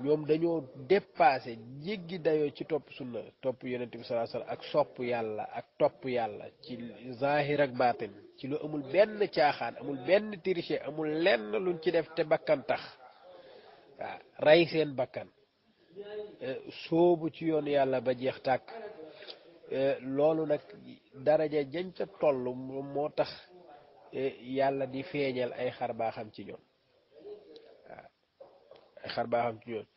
ñoom dañoo dépassé jéggi dayoo ci topp sunna topp yonent bi salaa ak sopp yàlla ak topp yàlla ci zahir ak baatin ci lu amul benn caaxaan amul benn triche amul lenn luñ ci def te bakkan tax waaw rey seen bakkan euh, soobu ci yoon yàlla ba jeex tàkk euh, loolu nag daraja jañ ca toll moo tax euh, yàlla di feeñal ay xar baaxam ci ñoom xarbaaxam ci yoon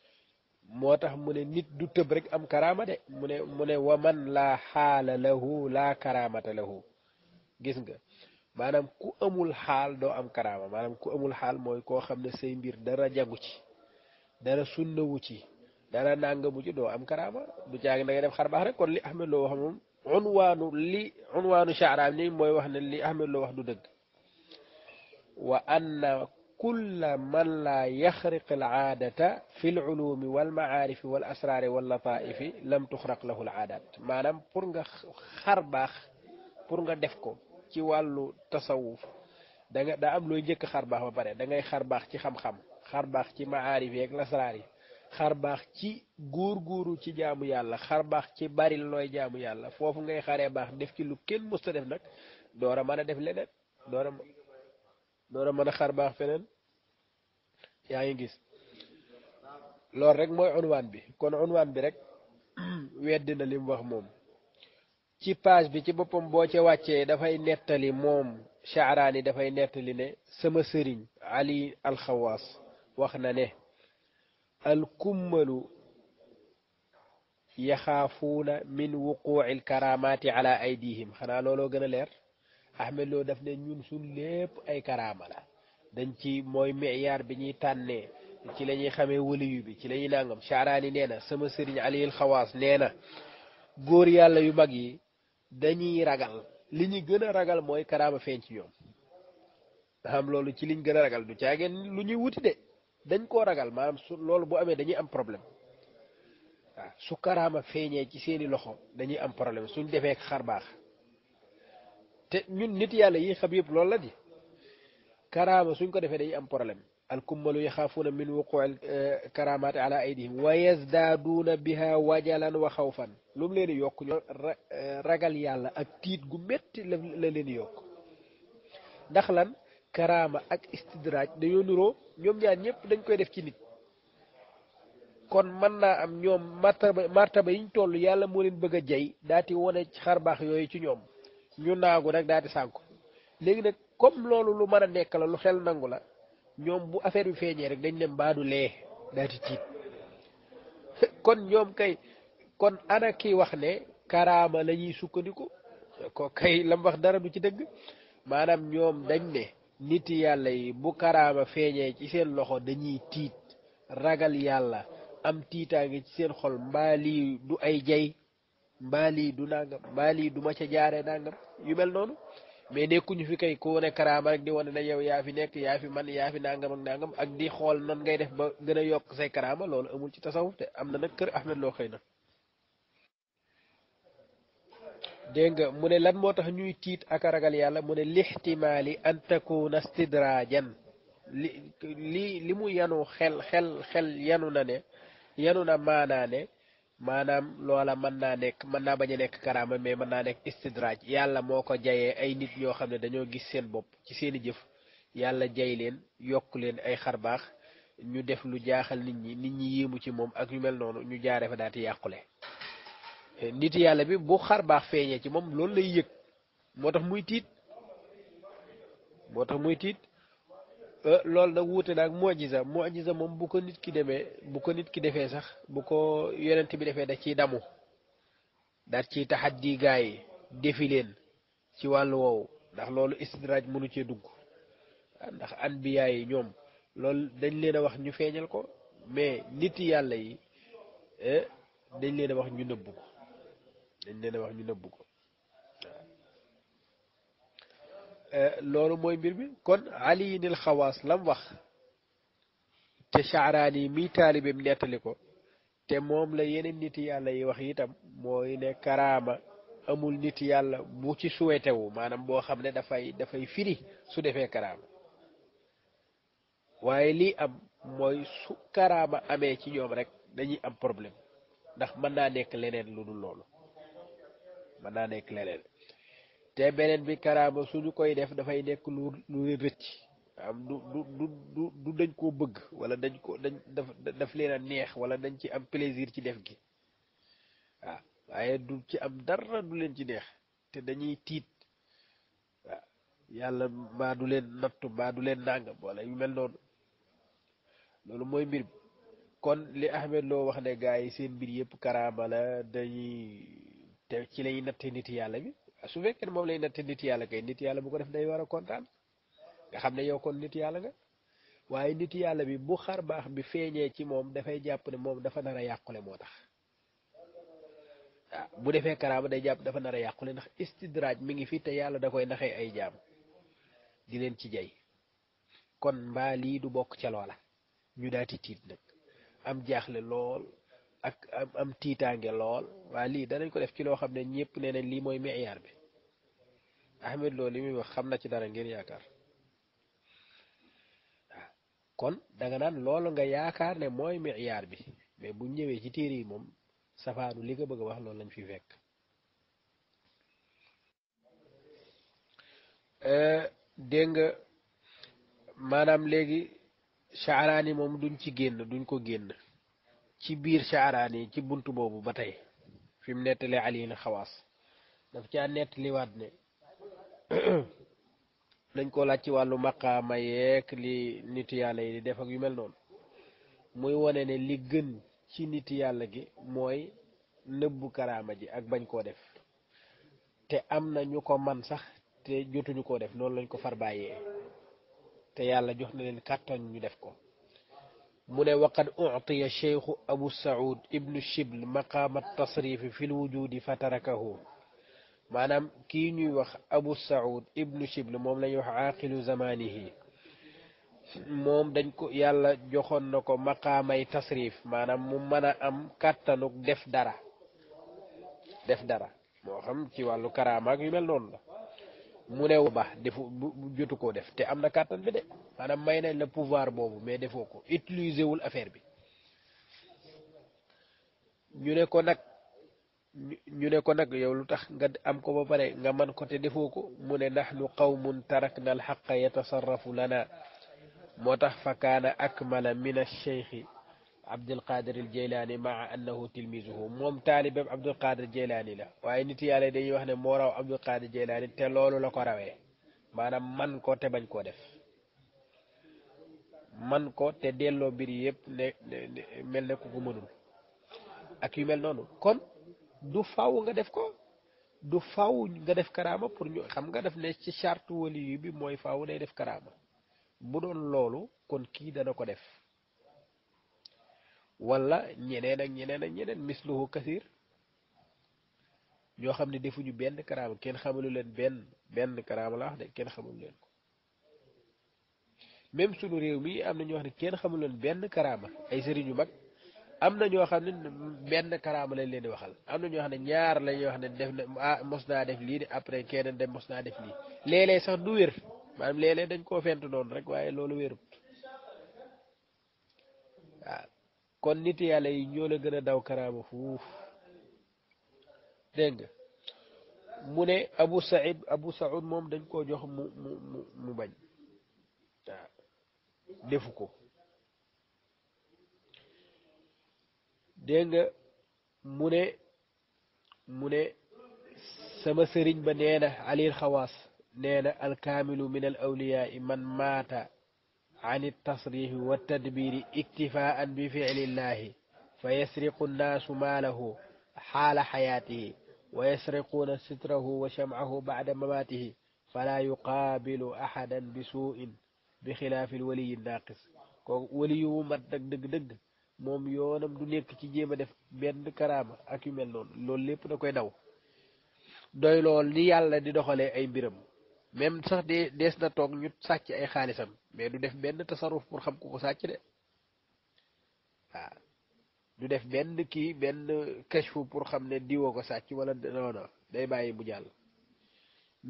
moo tax mu ne nit du tëb rek am karaama de mu ne mu ne wa man laa xaala lahu laa karaamata lahu gis nga maanaam ku amul xaal doo am karaama maanaam ku amul xaal mooy koo xam ne say mbir dara jagu ci dara sunnawu ci dara nangamu ci doo am karaama du jaag na nga def xarbaax rek kon li Ahmed Lo wax moom unwaanu li unwaanu shaaraam ni mooy wax ne li Ahmed Lo wax du dëgg kulla man laa yaxriq alaadata fi lulumi walmacaarifi wal asraari wal lataifi lam tuxraq lahu alaadat maanaam pour nga xar baax pour nga def ko ci wàllu tasawuf da nga daa am looy njëkk xar baax ba pare da ngay xar baax ci xam-xam xar baax ci macaarif yeeg lasraar xar baax ci góor-góoru ci jaamu yàlla xar baax ci bari looy jaamu yàlla foofu ngay xaree baax def ci lu kenn mësta def nag doora mën def leneen نورا مانا خار باخ فنن يا انجيس لور رك موي عنوان بي كون عنوان بي رك ويدنا لي موخ موم تي باج بي تي بوبم بو تي واتي دا فاي نيتالي موم شعراني دا فاي نيتالي ني سما سيرين علي الخواص واخنا ني الكمل يخافون من وقوع الكرامات على ايديهم خنا لولو غنا Ahmed Lo daf ne ñun ay karaama la dañ ci mooy miyaar bi ñuy tànnee ci la ñuy xamee waliyu bi ci la ñuy nangam Chaaraani nee sama sëriñ Aliyul Xawaas nee na góor yàlla yu mag yi dañuy ragal li ñu gën a ragal mooy karaama feeñ ci ñoom xam loolu ci liñ gën a ragal du caageen lu ñuy wuti de dañ koo ragal maanaam su loolu bu amee dañuy am problème waaw su karaama feeñee ci seeni loxo dañuy am problème suñ defee xar baax te ñun nit yàlla yi xab yëpp loolu la di karaama suñ ko defee day am problème alkummalu yaxaafuuna min wuqui eh, karamaati ala aydihim wa yazdaaduna biha wajalan wa xawfan lu mu leen di yokk ñoo eh, ragal yàlla ak tiit gu métti la la leen yokk ndax lan karaama ak istidraaj dañoo nuroo ñoom ñaar ñëpp dañ koy def ci nit kon mën naa am ñoom martaba martaba yiñ toll yàlla moo leen bëgg a jey daati wane xarbaax yooyu ci ñoom ñu naagu rek daal di sànku léegi nag comme loolu lu mën a nekk la lu xel nangu la ñoom bu affaire bi feeñee rek dañ ne mbaadu lee daal tiit kon ñoom kay kon ana kii wax ne karaama la ñuy sukkandiku ko kay lam wax dara du ci dëgg maanaam ñoom dañ ne nit yàlla yi bu karaama feeñee ci seen loxo dañuy tiit ragal yàlla am tiitaange ci seen xol mbaa du ay jay mbaa du nangam mbaa lii du ma ca jaaree nangam yu mel noonu mais nekkuñu fi kay ku wane karaama rek di wane na yow yaa fi nekk yaa fi man yaa fi nangam ak nangam ak di xool nan ngay def ba gën a yokk say karaama loolu amul ci tasawuf te am na nag kër Ahmed loo xëy na. dégg nga mu ne lan moo tax ñuy tiit ak a ragal yàlla mu ne lixtimaali an takuna stidrajan li li li mu yanu xel xel xel yanu na ne yanu na maanaa maanaam loola mën naa nekk mën naa bañ a nekk karaama mais mën naa nekk istidraaj yàlla moo ko jayee ay nit ñoo xam ne dañoo gis seen bopp ci seeni jëf yàlla jay leen yokk leen ay xar xarbaax ñu def lu jaaxal nit ñi nit ñi yéemu ci moom ak ñu mel noonu ñu jaaree fa daati yàqule nit yàlla bi bu baax feeñee ci moom loolu lay yëg moo tax muy tiit moo tax muy tiit Euh, loolu nag wuute naag mojisa mojisa moom bu ko nit ki demee bu ko nit ki defee sax bu ko yonent bi defee da ciy damu daat ciy taxaddi gaa yi defi leen ci wàllu woowu ndax loolu istidraaj mënu cee dugg ndax anbiyaa yi ñoom loolu dañ leen a wax ñu feeñal ko mais nit yàlla yi eh, dañ leen a wax ñu nëbbu ko dañ leen a wax ñu nëbbu ko Euh, loolu mooy mbir mi kon aliyinil xawaas lam wax te Sha'raani yi mii taalibeem nettali ko te moom la yeneen nit yàlla yi wax itam mooy ne karaama amul nit yàlla bu ci suwete wu maanaam boo xam ne dafay dafay firi su defee karaama waaye lii am mooy su karaama amee ci ñoom rek dañuy am problème ndax mën naa nekk leneen lu dul loolu mën naa nekk leneen te beneen bi karaama ñu koy def dafay nekk lu lu leen rëcc am du du du dañ koo bëgg wala dañ ko dañ daf daf leen a neex wala dañ ci am plaisir ci def gi waaw waaye du ci am dara du leen ci neex te dañuy tiit yàlla mbaa du leen nattu mbaa du leen nàngam wala yu mel noonu loolu mooy mbir bi kon li Ahmed loo wax ne gaa yi seen mbir yëpp karaama la dañuy te ci lañuy natte nit yàlla bi su fekkee moom lay natte nit yàlla kay nit yàlla bu ko def day war a kontaan nga xam ne yow kon nit yàlla nga waaye nit yàlla bi bu xar baax bi feeñee ci moom dafay jàpp ne moom dafa nar a yàqule moo tax waaw bu defee karaama day jàpp dafa nar a yàqule ndax istidraaj mi ngi fi te yàlla da koy naxee ay jaam di leen ci jay kon mbaa lii du bokk ca loola ñu daati tiit nag am jaaxle lool ak am tiitaange lool waa lii danañ ko def ci loo xam ne ñëpp nee nañ lii mooy meeyaar bi Ahmed Lo li muy wax xam na ci dara ngir yaakaar kon danga naan loolu nga yaakaar ne mooy meeyaar bi mais bu ñëwee ci téere yi moom safaanu li nga bëgg a wax loolu lañ fi fekk. Euh, dégg nga maanaam léegi saaraani moom duñ ci génn duñ ko génn. ci biir caaraan yi ci bunt boobu ba tey fi mu nettalee ali na xawaas daf caa nettaliwaat ne dañ koo laaj ci wàllu maqaama yeeg li nit yàlla yi di def ak yu mel noonu muy wane ne li gën ci nit yàlla gi mooy nëbbu karaama ji ak bañ koo def te am na ñu ko man sax te jotuñu koo def noonu lañ ko far bàyyee te yàlla jox na leen kàttan ñu def ko من وقد أعطي الشيخ أبو السعود ابن الشبل مقام التصريف في الوجود فتركه مانام كيني وخ أبو السعود ابن الشبل موم ليوح عاقل زمانه موم دنكو يالا جوخون نكو مقام التصريف مانام موم منا أم كاتنوك دف دارا دف دارا موخم كيوالو كراماك يمال نون mu ne baax defu jutu koo def te am na kàttan bi de maanaam may nañ la pouvoir boobu mais defoo ko utiliser wul affaire bi ñu ne ko nag ñu ne ko nag yow lu tax nga am ko ba pare nga man ko te defoo ko mu ne nahnu qawmun tarakna alxaqa yatasarrafu lana moo tax fa kaana akmala min alcheikhi Abdul Qadir al Jeylaani maa annahu tilmisuhu moom taalibeem Abdul Qadir Jeylaani la waaye nit yàlla dañuy wax ne moo raw Abdul Qadir Jeylaani te loolu la ko rawee maanaam man ko te bañ koo def man ko te delloo mbir yëpp ne mel ne ku ko mënul ak yu mel noonu kon du faaw nga def ko du faaw nga def karaama pour ñu xam nga def ne ci charte yu bi mooy faaw day def karaama bu doon loolu kon kii dana ko def wala ñeneen ak ñeneen ak ñeneen misluhu kasir ñoo xam ne defuñu benn karaama kenn xamalu leen benn benn karaama la wax de kenn xamalu leen ko même sunu réew mii am na ñoo xam ne kenn xamalu leen benn karaama ay sëriñ yu mag am na ñoo xam ne benn karaama lañ leen di waxal am na ñoo xam ne ñaar la ñuy wax ne def na ah mos naa def lii de après keneen dem mos naa def lii léeg sax du wér maanaam léeg-léeg dañ koo fent noonu rek waaye loolu wérut waaw kon nit yàlla yi ñoo la gën a daw karaama fuuf dégg nga mu Abu Saïd Abu Saoud moom dañ koo jox mu mu mu bañ defu ko dégg nga mu ne mu ne sama sëriñ ba nee na alil xawaas nee na alkaamilu min al awliyaa man maata عن التصريح والتدبير اكتفاء بفعل الله فيسرق الناس ماله حال حياته ويسرقون ستره وشمعه بعد مماته فلا يقابل أحدا بسوء بخلاف الولي الناقص ولي mat nag dëgg dëgg moom yoonam du nekk ci jéem a def benn karaama ak yu mel noonu loolu lépp da koy daw doy lool ni yàlla di même sax de dees na toog ñu sàcc ay xaalisam mais du def benn tasaruf pour xam ku ko sàcc de waaw du def benn kii benn kashfu pour xam ne diwoo ko sàcc wala noona day bàyyi bu jàll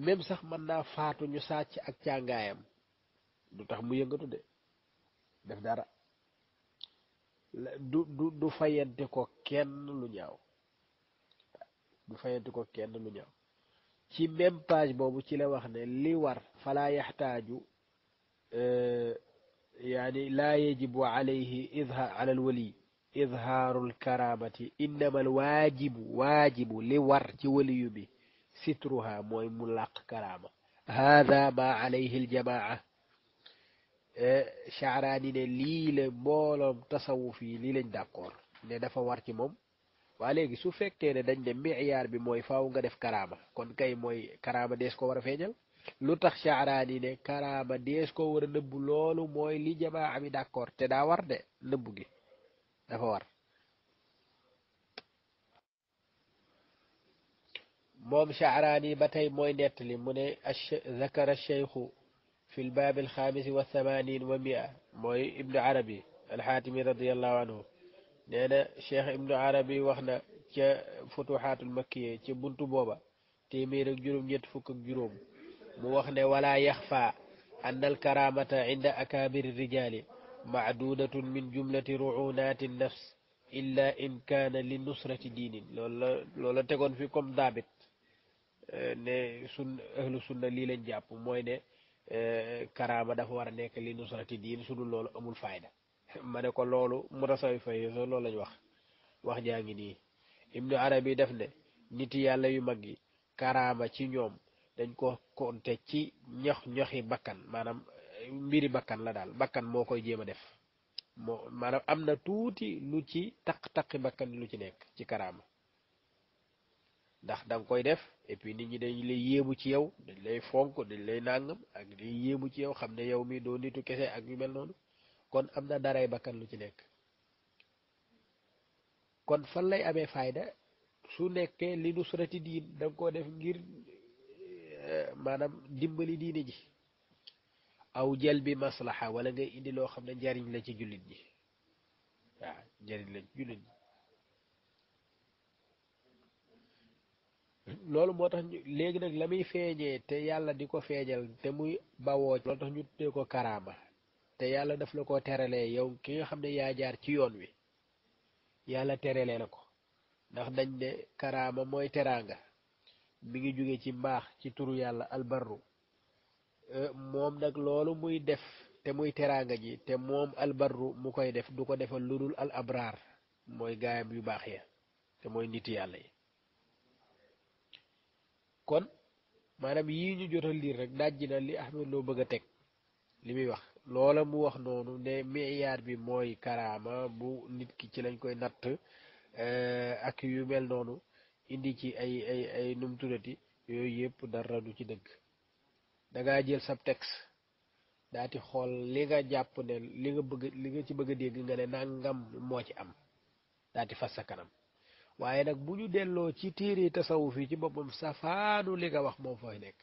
même sax mën naa faatu ñu sàcc ak càngaayam du tax mu yëngatu de def dara du du du fayante ko kenn lu ñaaw du fayante ko kenn lu ñaaw ci même page bobu ci la wax ne li war fala yaxtaaju يعني لا يجب عليه إظهار على الولي إظهار الكرامة إنما الواجب واجب لورت ولي به سترها موي ملاق كرامة هذا ما عليه الجماعة شعراني لي لمولم تصوفي لي لن داكور ne dafa war ci moom waa léegi su fekkee ne dañ ne miyaar bi mooy faaw nga def karaama kon kay mooy karaama dees ko war a feeñal lu tax caaraani ne karaama dees ko war a nëbb loolu mooy li jamaa bi d'accord te daa war de nëbb gi dafa war moom caaraani ba tey mooy nettali mu ne zakara cheikhu fi lbaabi alxaamisi wa thamaaniin wa mia mooy ibnu arabi alxaatimi radiallahu anhu نانا شيخ ابن عربي وخنا تي فتوحات المكيه تي بونتو بوبا تيمير الجروم جوروم نيت فوك اك جوروم مو ولا يخفى ان الكرامه عند اكابر الرجال معدوده من جمله رعونات النفس الا ان كان للنصرة دين لولا لولا تيكون في كوم ني سن اهل السنه لي جابوا موي كرامه دا فوار نيك لنصره دين سودو لولا امول فايده mane ko loolu mutasawifa yi so loolu lañ wax wax jaa ngi nii ibnu arabi def ne nit yàlla yu mag yi karaama ci ñoom dañ ko konte ci ñox ñoxi bakkan maanaam eh, mbiri bakkan la daal bakkan moo koy jéem a def moo maanaam am na tuuti lu ci taq-taqi bakkan lu ci nekk ci karaama ndax da koy def et puis nit ñi dañ lay yéemu ci yow dañ lay fonk dañ lay nàngam ak dañ yéemu ci yaw xam ne yow mi doo nitu kese ak yu mel noonu kon am na daray bakkan lu ci nekk kon fan lay amee fayda su nekkee li nusrati diin da nga koo def ngir eh, maanaam dimbali diine ji aw jël bi maslaxa wala ngay indi loo xam ne njariñ la ci jullit ñi waaw njariñ la ci jullit ñi loolu moo tax léegi nag la muy feeñee te yàlla di ko feeñal te muy bawoo loolu tax ñu tuddee ko karaama te yàlla daf la ko teralee yow ki nga xam ne yaa jaar ci yoon wi yàlla teralee la ko ndax dañ ne karaama mooy teraanga mu ngi jóge ci mbaax ci turu yàlla albarru moom nag loolu muy def te muy teraanga ji te moom albarru mu koy def du ko defal lu dul al abraar mooy gaayam yu baax ya te mooy nit yàlla yi kon maanaam yii ñu jotal liir rek dajji na li Ahmed loo bëgg a teg li muy wax loola mu wax noonu ne miyaar bi mooy karaama bu nit ki ci lañ koy natt eh, ak yu mel noonu indi ci ay ay ay yooyu yëpp dara du ci dëgg da ngaa jël sab texte daati xool li nga jàpp ne li nga bëgg li nga ci bëgg a dégg nga ne nangam moo ci am daati fas sa kanam waaye nag bu ñu delloo ci téere tasawuf yi ci boppam safaanu li nga wax moom fooy nekk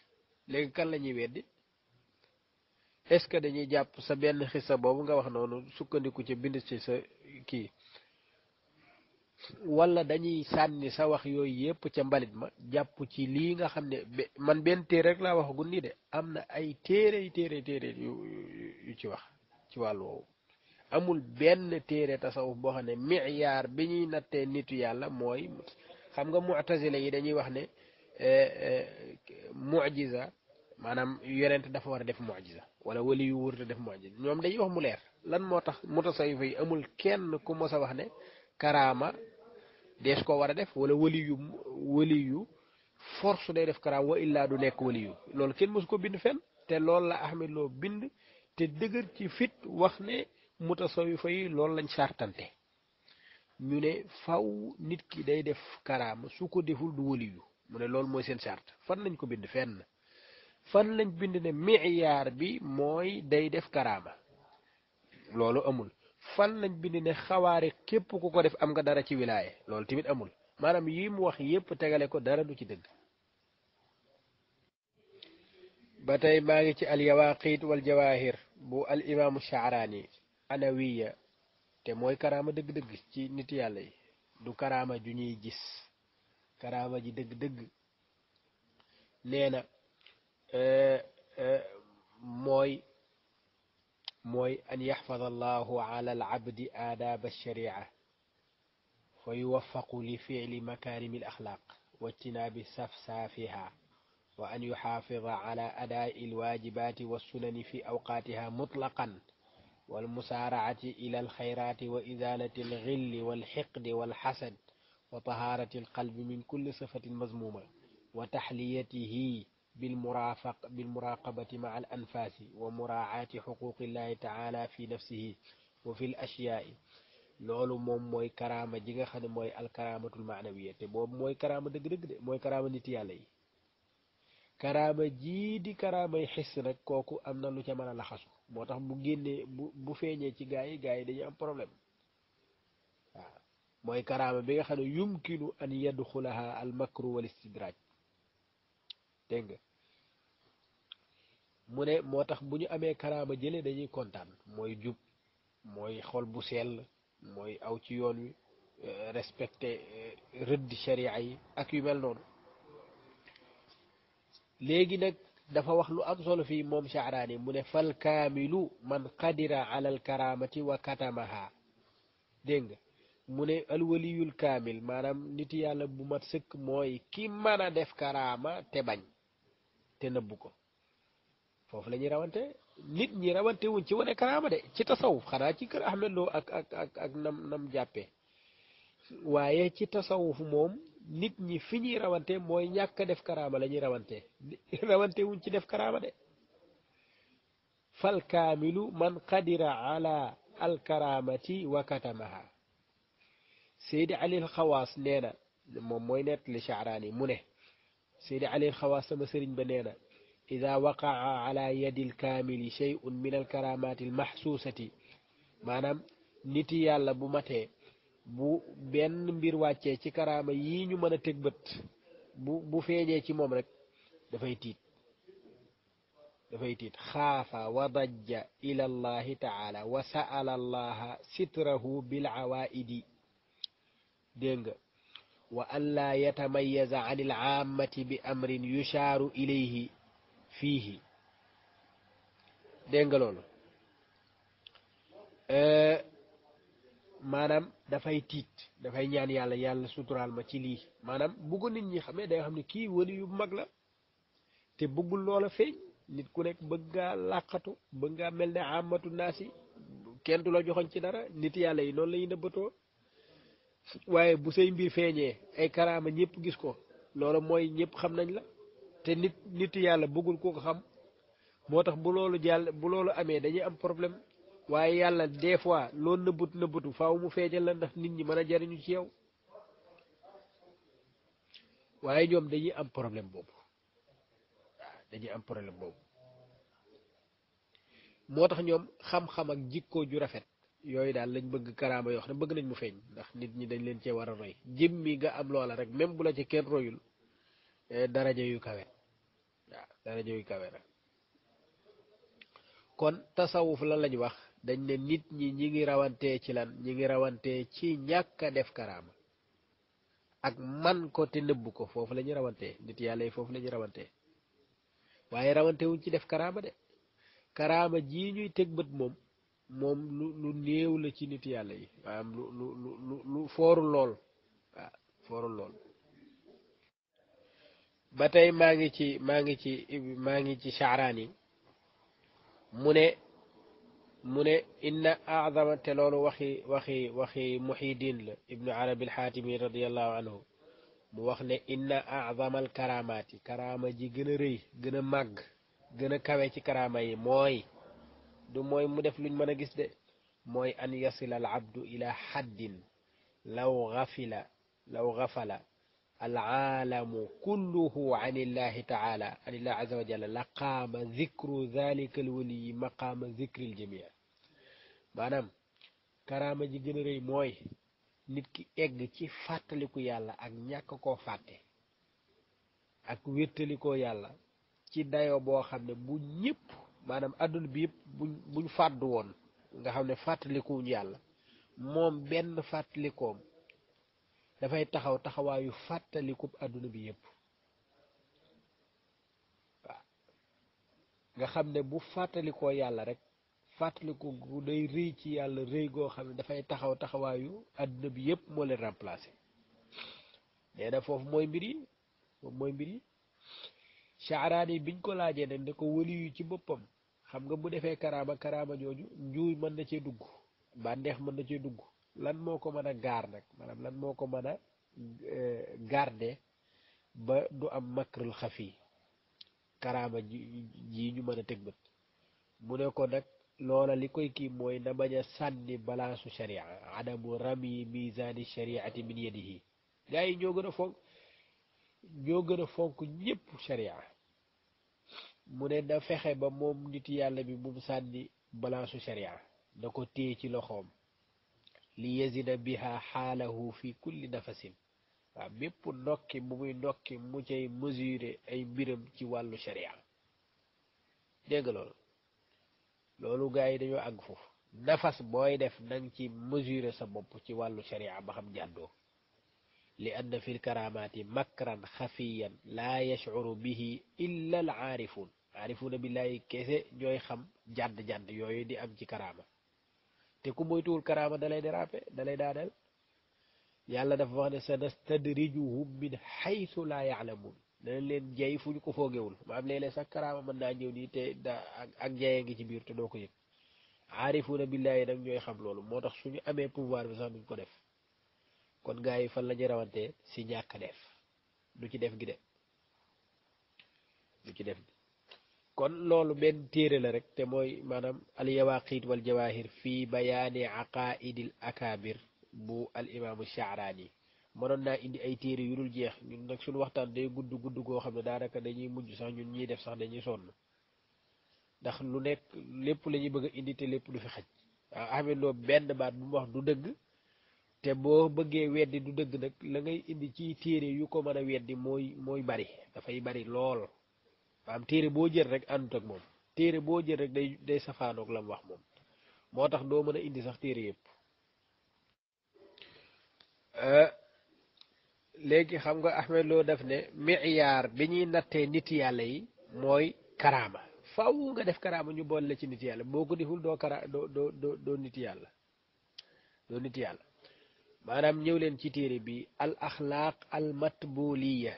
léegi kan la ñuy weddi est-ce que dañuy jàpp sa benn xisa boobu nga wax noonu sukkandiku ci bind ci sa kii wala dañuy sànni sa wax yooyu yépp ca mbalit ma jàpp ci lii nga xam ne man benn téere rek laa waxagul nii de am na ay téere téere téere yu ci wax ci wàllu woowu amul benn téere tasawuf boo xam ne miyaar bi ñuy nattee nitu yàlla mooy xam nga mu'tazila yi dañuy wax ne eh, eh, mu'jiza maanaam yonent dafa war a def mu'jiza wala wali yu wër te def mucjiza ñoom dañuy wax mu leer lan moo tax mutasawifa yi amul kenn ku mos a wax ne karaama dees ko war a def wala wali yu yu force day def karaama wa illaa du nekk wali yu loolu kenn mosu ko bind fenn te loolu la Ahmed loo bind te dëgër ci fit wax ne mutasawifa yi loolu lañ sartante ñu ne faw nit ki day def karaama su ko deful du wali yu mu ne loolu mooy seen sart fan lañ ko bind fenn fan lañ bind ne miyaar bi mooy day def karaama loolu amul fan lañ bind ne xawaare képp ku ko def am nga dara ci wilaaye loolu tamit amul maanaam yi mu wax yépp tegale ko dara du ci dëgg ba tey maa ngi ci alyawaqit wal jawahir bu al imaamu shaaraani anawiya te mooy karaama dëgg-dëgg ci nit yàlla yi du karaama ju ñuy gis karaama ji dëgg-dëgg nee آه، آه، موي موي أن يحفظ الله على العبد آداب الشريعة ويوفق لفعل مكارم الأخلاق واجتناب سفسافها وأن يحافظ على أداء الواجبات والسنن في أوقاتها مطلقا والمسارعة إلى الخيرات وإزالة الغل والحقد والحسد وطهارة القلب من كل صفة مذمومة وتحليته بالمرافق بالمراقبة مع الأنفاس ومراعاة حقوق الله تعالى في نفسه وفي الأشياء لولو موم موي كرامة جيغا خان موي الكرامة المعنوية تبوب موي كرامة دي دي دي موي كرامة نتيا لي كرامة جي دي كرامة يحس رك كوكو أمنا لو جمانا لخاسو موتاح بوغيني بوفيني تي غاي غاي دي جام بروبلم موي كرامة بيغا خان يمكن أن يدخلها المكرو والاستدراج dégg nga mu ne moo tax bu ñu amee karaama jële dañuy kontaan mooy jub mooy xol bu sell mooy aw ci yoon wi euh, respecté euh, rëdd sharia yi ak yu mel noonu léegi nag dafa wax lu am solo fii moom Sha'raani mu ne fal kaamilu man qadira ala al ci wa katamaha mu ne alwaliyul kaamil maanaam nit yàlla bu mat sëkk mooy ki mën def karaama te bañ te nëbbu ko foofu la ñuy rawante nit ñi rawante wuñ ci wane karaama de ci tasawuf xanaa ci kër Ahmed Lo ak ak ak nam nam jàppee waaye ci tasawuf moom nit ñi fi ñuy rawante mooy ñàkk def karaama la ñuy rawante rawante wuñ ci def karaama de fal kaamilu man qadira ala al karaamati wa katamaha Seydi Ali al Xawaas nee na moom mooy nettali Sha'raani mu ne seydi alil xawaas sama sëriñ ba nee na ida waqaa ala yadi lkaamili sheyun min alkaramati almaxsuusati maanaam niti yàlla bu matee bu benn mbir wàccee ci karaama yi ñu mën a teg bët bu feeñee ci moom rek dafay tiit xaafa wa dajja ila allahi taala wa sa'ala allaha sitrahu bil awaidi dégg nga wa an laa yatamayyaza an il aamati bi amrin yushaaru ilayhi fiihi dégg nga loolu euh, maanaam dafay tiit dafay ñaan yàlla yàlla suturaal ma ci lii maanaam bu nit ñi xamee day xam ne kii wali yu mag la te bëggul loola feeñ nit ku nekk bëgg ngaa làqatu bëgg ngaa mel ne amatu naasi kenn du la joxoñ ci dara nit yàlla yi noonu la ñuy nëbbatoo waaye bu say mbir feeñee ay karaama ñëpp gis ko loolu mooy ñëpp xam nañ la te nit nit yàlla bëggul ku xam moo tax bu loolu jàll bu loolu amee dañuy am problème waaye yàlla des fois loolu nëbbut nëbbutu faw mu feeñal la ndax nit ñi mën a jariñu ci yow waaye ñoom dañuy am problème boobu waaw dañuy am problème boobu moo tax ñoom xam-xam ak jikko ju rafet yooyu daal lañ bëgg karaama yoo xam ne bëgg nañ mu feeñ ndax nit ñi dañ leen cee war a roy jëmmi nga am loola rek même bu la ci kenn royul eh, daraja yu kawe waaw daraja yu kawe rek kon tasawuf la lañ wax dañ ne nit ñi ñi ngi rawantee ci lan ñi ngi ci ñàkk def karaama ak man ko te nëbb ko foofu lañu ñuy rawantee nit yàlla yi foofu la ñuy rawantee waaye rawante ci def karaama de karaama jii ñuy teg bët moom moom lu néew la ci nit yàlla yi maanaam lu lu lu lu fooru lool ba tey maa ngi ci maa ngi ci ngi ci Sha'raani mu ne mu ne inna a'zama te loolu waxi waxi waxi Muhyiddin la ibnu Arabi al-Xaatimi anhu mu wax ne inna a'zama al-karaamaati karaama ji gën a rëy gën a màgg gën a kawe ci karaama yi mooy du mooy mu def luñ mën a gis de mooy an yasila al abdu ila xaddin law gafila law gafala al aalamu kulluhu an illahi taala an illahi aza wa jalla la qaama zikru dalika al waliyi maqaama zikri al jamia maanaam karaama ji gën a mooy nit ki egg ci fàttaliku yàlla ak ñàkk koo fàtte ak wéttalikoo yàlla ci dayo boo xam ne bu ñépp maanaam àdduna bi yëpp bu buñ fàddu woon nga xam ne fàttalikuwuñ yàlla moom benn fàttalikoom dafay taxaw taxawaayu fàttalikub àdduna bi yëpp waaw nga xam ne bu fàttalikoo yàlla rek fàttaliku gu day rëy ci yàlla rëy goo xam ne dafay taxaw taxawaayu àdduna bi yëpp moo leen remplacé nee foofu mooy mbir yi moom mooy mbir yi yi biñ ko laajee nag ne ko waliyu ci boppam xam nga bu defee karaama karaama jooju njuuy mën na cee dugg bànneex mën na cee dugg lan moo ko mën a gaar nag maanaam lan moo ko mën a eh, garde ba du am makrul xafi karaama ji ñu mën a teg bët mu ne ko nag loola li koy kii mooy na bañ a sànni balaasu sharia adamu rami misaani shariati min yadihi gaa yi ñoo gën a fonk ñoo gën a fonk ñépp sharia mu ne na fexe ba moom nit yàlla bi bu mu sànni balaasu sharia na ko téye ci loxoom li yazina biha xaalahu fi kulli nafasin waaw bépp ndokki bu muy ndokki mu cay mesurer ay mbiram ci wàllu sharia dégg nga loolu loolu gars yi dañoo àgg foofu nafas booy def nang ci mesurer sa bopp ci wàllu sharia ba xam jàddoo li anna fi lkaraamaati makran xafiyan la yashcuru bihi illa al aarifun aarifuuna billaahi kese ñooy xam jàdd jàdd yooyu di am ci karaama te ku moytuwul karaama dalay dérapé dalay daaneel yàlla dafa wax ne sa nastadrijuhum min xaytu laa yaalamuun dana leen jay fu ñu ko foogewul maam léeg-léeg sax karaama mën naa ñëw nii te da ak jayee ngi ci biir te doo ko yëg aarifuuna billaahi nag ñooy xam loolu moo tax suñu amee pouvoir bi sax duñ ko def kon gaa yi fan la ñu rawante si ñàkk def du ci def gi de du ci def gi kon loolu benn téere la rek te mooy maanaam al yawaqit wal jawahir fii bayaani aqaidil akabir bu al imaamu yi mënoon naa indi ay téere yu dul jeex ñu nag suñu waxtaan day gudd gudd goo xam ne daanaka dañuy mujj sax ñun ñuy def sax dañuy sonn ndax lu nekk lépp lañuy ñuy bëgg a indi te lépp du fi xaj waaw ah, Ahmed benn baat bu mu wax du dëgg te boo bëggee weddi du dëgg nag la ngay indi ci téere yu ko mën a weddi mooy mooy bari dafay bari lool am téere boo jël rek àndut ak moom téere boo jël rek day day safaanoog lam wax moom moo tax doo mën a indi sax téere yëpp euh, léegi xam nga Ahmed loo def ne miyaar bi ñuy nattee nit yàlla yi mooy karaama faw nga def karaama ñu boole la ci nit yàlla boo ko deful doo kara doo doo doo doo nit yàlla doo nit yàlla maanaam ñëw leen ci téere bi al axlaaq al matbuliya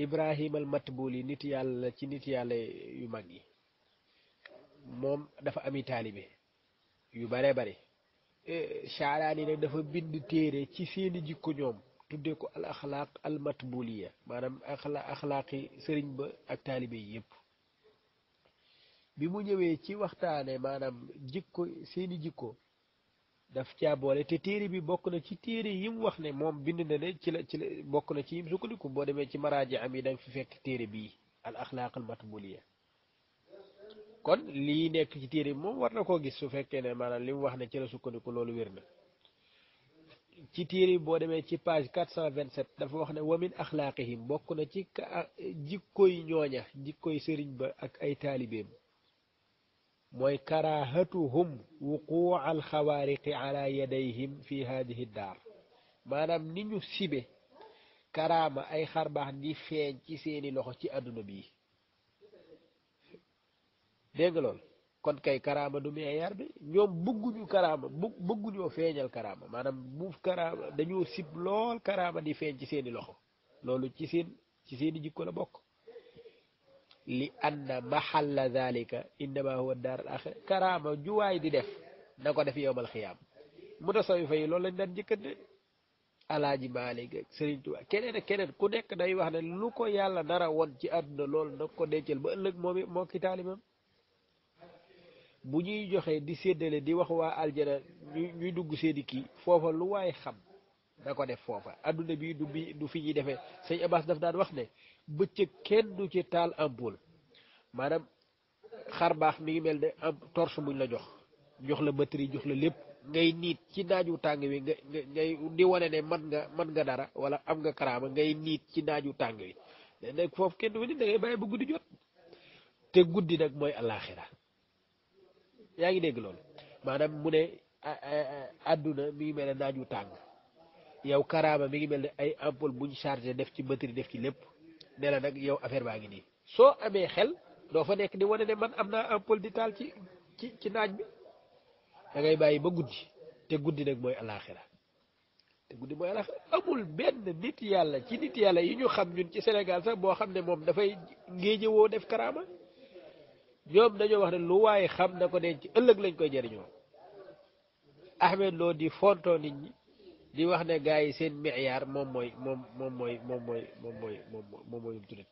ibrahim al matbuli nit yàlla ci nit yàlla yu mag yi moom dafa ami taalibe yu bare bare Shaaraani nag dafa bind téere ci seeni jikko ñoom tuddee ko al axlaaq al matbuliya maanaam axla sëriñ ba ak taalibe yi yëpp bi mu ñëwee ci waxtaane maanaam jikko seeni jikko daf caa boole te téere bi bokk na ci téere yi mu wax ne moom bind na ne ci la ci la bokk na ci yim sukkandiku boo demee ci maraaji am yi da fi fekk téere bii al axlaaq al matbuliya kon lii nekk ci téere bi moom war na koo gis su fekkee ne maanaam li wax ne ci la sukkandiku loolu wér na ci téere bi boo demee ci page 427 dafa wax ne wamin axlaaqihim bokk na ci koy ñooña jikkoy sëriñ ba ak ay taalibeem mooy karaahatuhum wuquu alxawaariqi ala yadayhim fi hadihi daar maanaam ni ñu sibe karaama ay xarbaax di feeñ ci seeni loxo ci àdduna bi dégg lool kon kay karaama du meeyaar bi ñoom bëgguñu karaama bëgguñoo feeñal karaama maanaam bu karaama dañoo sib lool karaama di feeñ ci seeni loxo loolu ci seen ci seeni jikko la bokk li anna mahalla dhalika innama huwa karaama juwaay di def na ko def yowmal xiyaam mu tasawifa yi loolu lañ daan njëkkante alaaji Maalik ak Sëriñ keneen ak keneen ku nekk day wax ne lu ko yàlla nara won ci àdduna lool na ko dencal ba ëllëg moom moo ki taalimam bu ñuy joxe di séddale di wax waa aljana ñuy dugg seeni kii foofa lu waay xam na ko def foofa àdduna bi du fi ñuy defee sëñ Abbas daf daan wax ne bëccëg kenn du ci taal ampoule maanaam xar baax mi ngi mel ne am torche buñ la jox jox la batterie jox la lépp ngay niit ci naaju tàng wi nga di wane ne nga man nga dara wala am nga karaama ngay niit ci naaju tàng wi léeg foofu kenn du fa nit da ngay bàyyi ba guddi jot te guddi nag mooy allaaxira yaa ngi dégg loolu maanaam mu ne àdduna mi ngi mel ne naaju tàng yow karaama mi ngi mel ne ay ampoule buñ chargé def ci batterie def ci lépp ne la nag yow affaire baa ngi nii soo amee xel doo fa nekk di wane ne man am na ampoule di taal ci ci ci naaj bi dangay bàyyi ba guddi te guddi nag mooy alaxira te guddi mooy alaxira amul benn nit yàlla ci nit yàlla yi ñu xam ñun ci Sénégal sax boo xam ne moom dafay ngéeje woo def karaama ñoom dañoo wax ne lu waaye xam na ko denc ëllëg lañ koy jariñoo Ahmed loo di fontoo nit ñi di wax ne gars yi seen miyaar moom mooy moom moom mooy moom mooy moom mooy moom mooy tudd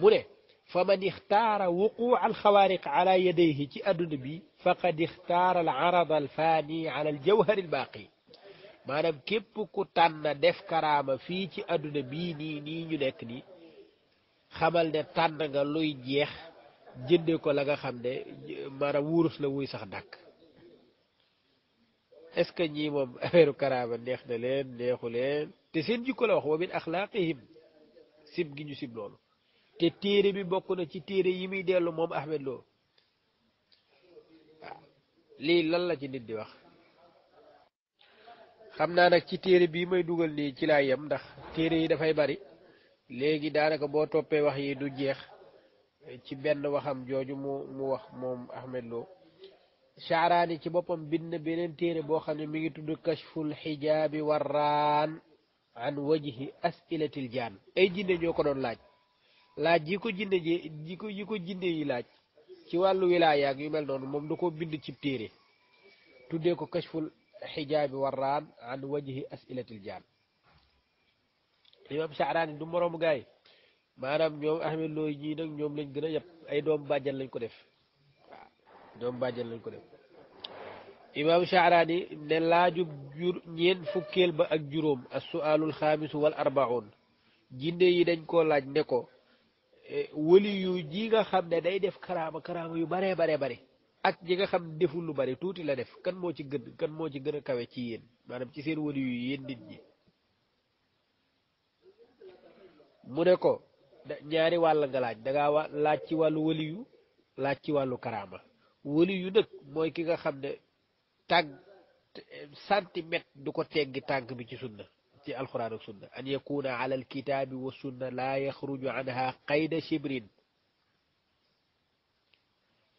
mu ne fa man ixtaara wuquu al xawaariq ala yadayhi ci adduna bi faqad ixtaara al arad al faani ala al jawhar al baaqi maanaam képp ku tànn def karaama fii ci adduna bii nii nii ñu nekk nii xamal ne tànn nga luy jeex jënde ko la nga xam ne maanaam wurus la wuy sax dàkk est-ce que ñii moom affaire karaama neex na leen neexu leen te seen jikko la wax wa min axlaaqihim sib gi ñu sib loolu te téere bi bokk na ci téere yi muy dellu moom Ahmed Lo lii lan la ci nit di wax xam naa nag ci téere bii may dugal nii ci laa yam ndax téere yi dafay bari léegi daanaka boo toppee wax yi du jeex ci benn waxam jooju mu mu wax moom Ahmed Lo Sha'raani ci boppam bind na beneen téere boo xam ne mu ngi tudd kashful xijaabi warraan an wajhi asilatil jaan ay jinne ñoo ko doon laaj laaj yi ko jinne ji yi ko jinne yi laaj ci wàllu wilaaya ak yu mel noonu moom du ko bind cib téere tuddee ko kashful xijaabi warraan an wajhi asilatil jaan imam Sha'raani du moroomu gaay maanaam ñoom Ahmed Lo ñii nag ñoom lañ gën a yab ay doom bàjjan lañ ko def doomu bàjjen lañ ko def imam Sha'raani ne laajub jur ñeent fukkeel ba ak juróom as suaalul xaamisu wal arbaun jinne yi dañ koo laaj ne ko e, wëli yu ji nga xam ne day def karaama karaama yu bare baree bare ak ji nga xam deful lu bare tuuti la def kan moo ci gën kan moo ci gën a kawe ci yéen maanaam ci seen wëli yu yéen nit ñi mu ne ko ñaari wàll nga laaj da ngaa laaj ci wàllu wëli yu laaj ci wàllu karaama wali yu nag mooy ki nga xam ne tànk centimètre du ko teggi tànk bi ci sunna ci alxuraan ak sunna an yakuna ala alkitaabi wa sunna laa yaxruju anha qayda shibrin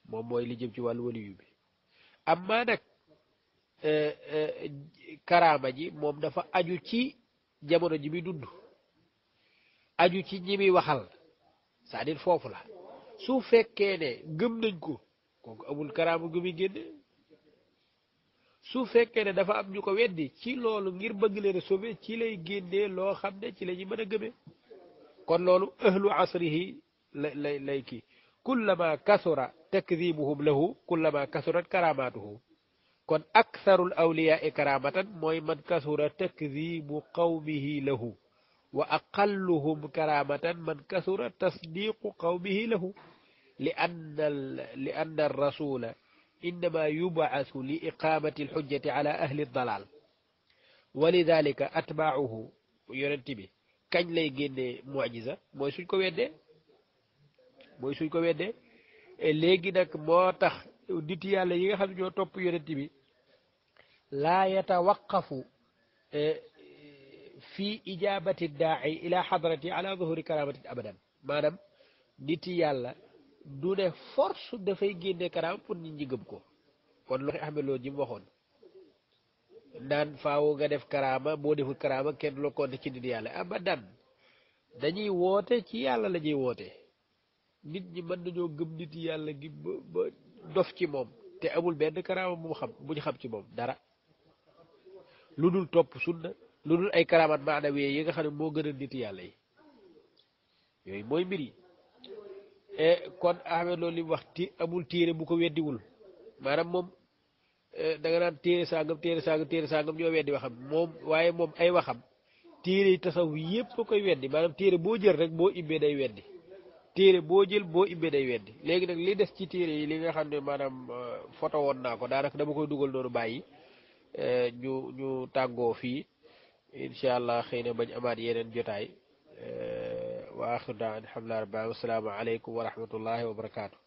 moom mooy li jëm ci wàllu waliyu bi amma nag eh, eh, karaama ji moom dafa aju ci jamono ji muy dund aju ci ñi muy waxal cest à foofu la su fekkee ne gëm nañ ko kooku amul karaama gu muy génne su fekkee ne dafa am ñu ko weddi ci loolu ngir bëgg leen a ci lay génnee loo xam ne ci la ñu mën a gëmee kon loolu ahlu asrihi la lay lay kii kullama kasura takdibuhum lahu kullama kasurat karamatuhu kon aktharul awliyaa karamatan mooy man kasura takdibu qawmihi lahu wa aqalluhum karamatan man kasura tasdiqu qawmihi lahu لأن لأن الرسول إنما يبعث لإقامة الحجة على أهل الضلال ولذلك أتباعه يرتبه كان لي جيني معجزة موي سوني كو ويدي موي سوني كو ويدي إيه، لغي نك موتاخ نيت يالا ييغا يرتبي لا يتوقف في إجابة الداعي إلى حضرتي على ظهور كرامة أبدا مادام نيت du ne force dafay génne karaama pour nit ñi gëm ko kon loolu Ahmed Lo ji mu waxoon naan faaw nga def karaama boo deful karaama kenn loo konte ci nit yàlla abadan dañuy woote ci yàlla la ñuy woote nit ñi mën nañoo gëm yàlla gi ci moom te amul benn karaama bu mu xam bu ñu xam ci moom dara lu dul topp sunna lu dul ay karaamat maanaam yi nga xam ne moo gën a nit yàlla yi yooyu mooy mbir yi E, kon Ahmed loolu li wax ti amul téere bu ko weddiwul maanaam moom e, da nga naan téere sangam téere sangam téere sangam ñoo weddi waxam moom waaye moom ay waxam téere tasaw tasawuf yépp koy weddi maanaam téere boo jël rek boo ibbee day weddi téere boo jël boo ibbee day weddi léegi nag li des ci téere yi li nga xam ne maanaam foto e, woon naa ko daanaka dama koy dugal noonu bàyyi ñu ñu tàggoo fii incha allah xëy ne bañ amaat yeneen jotaay. وآخر دعوانا الحمد لله رب العالمين والسلام عليكم ورحمة الله وبركاته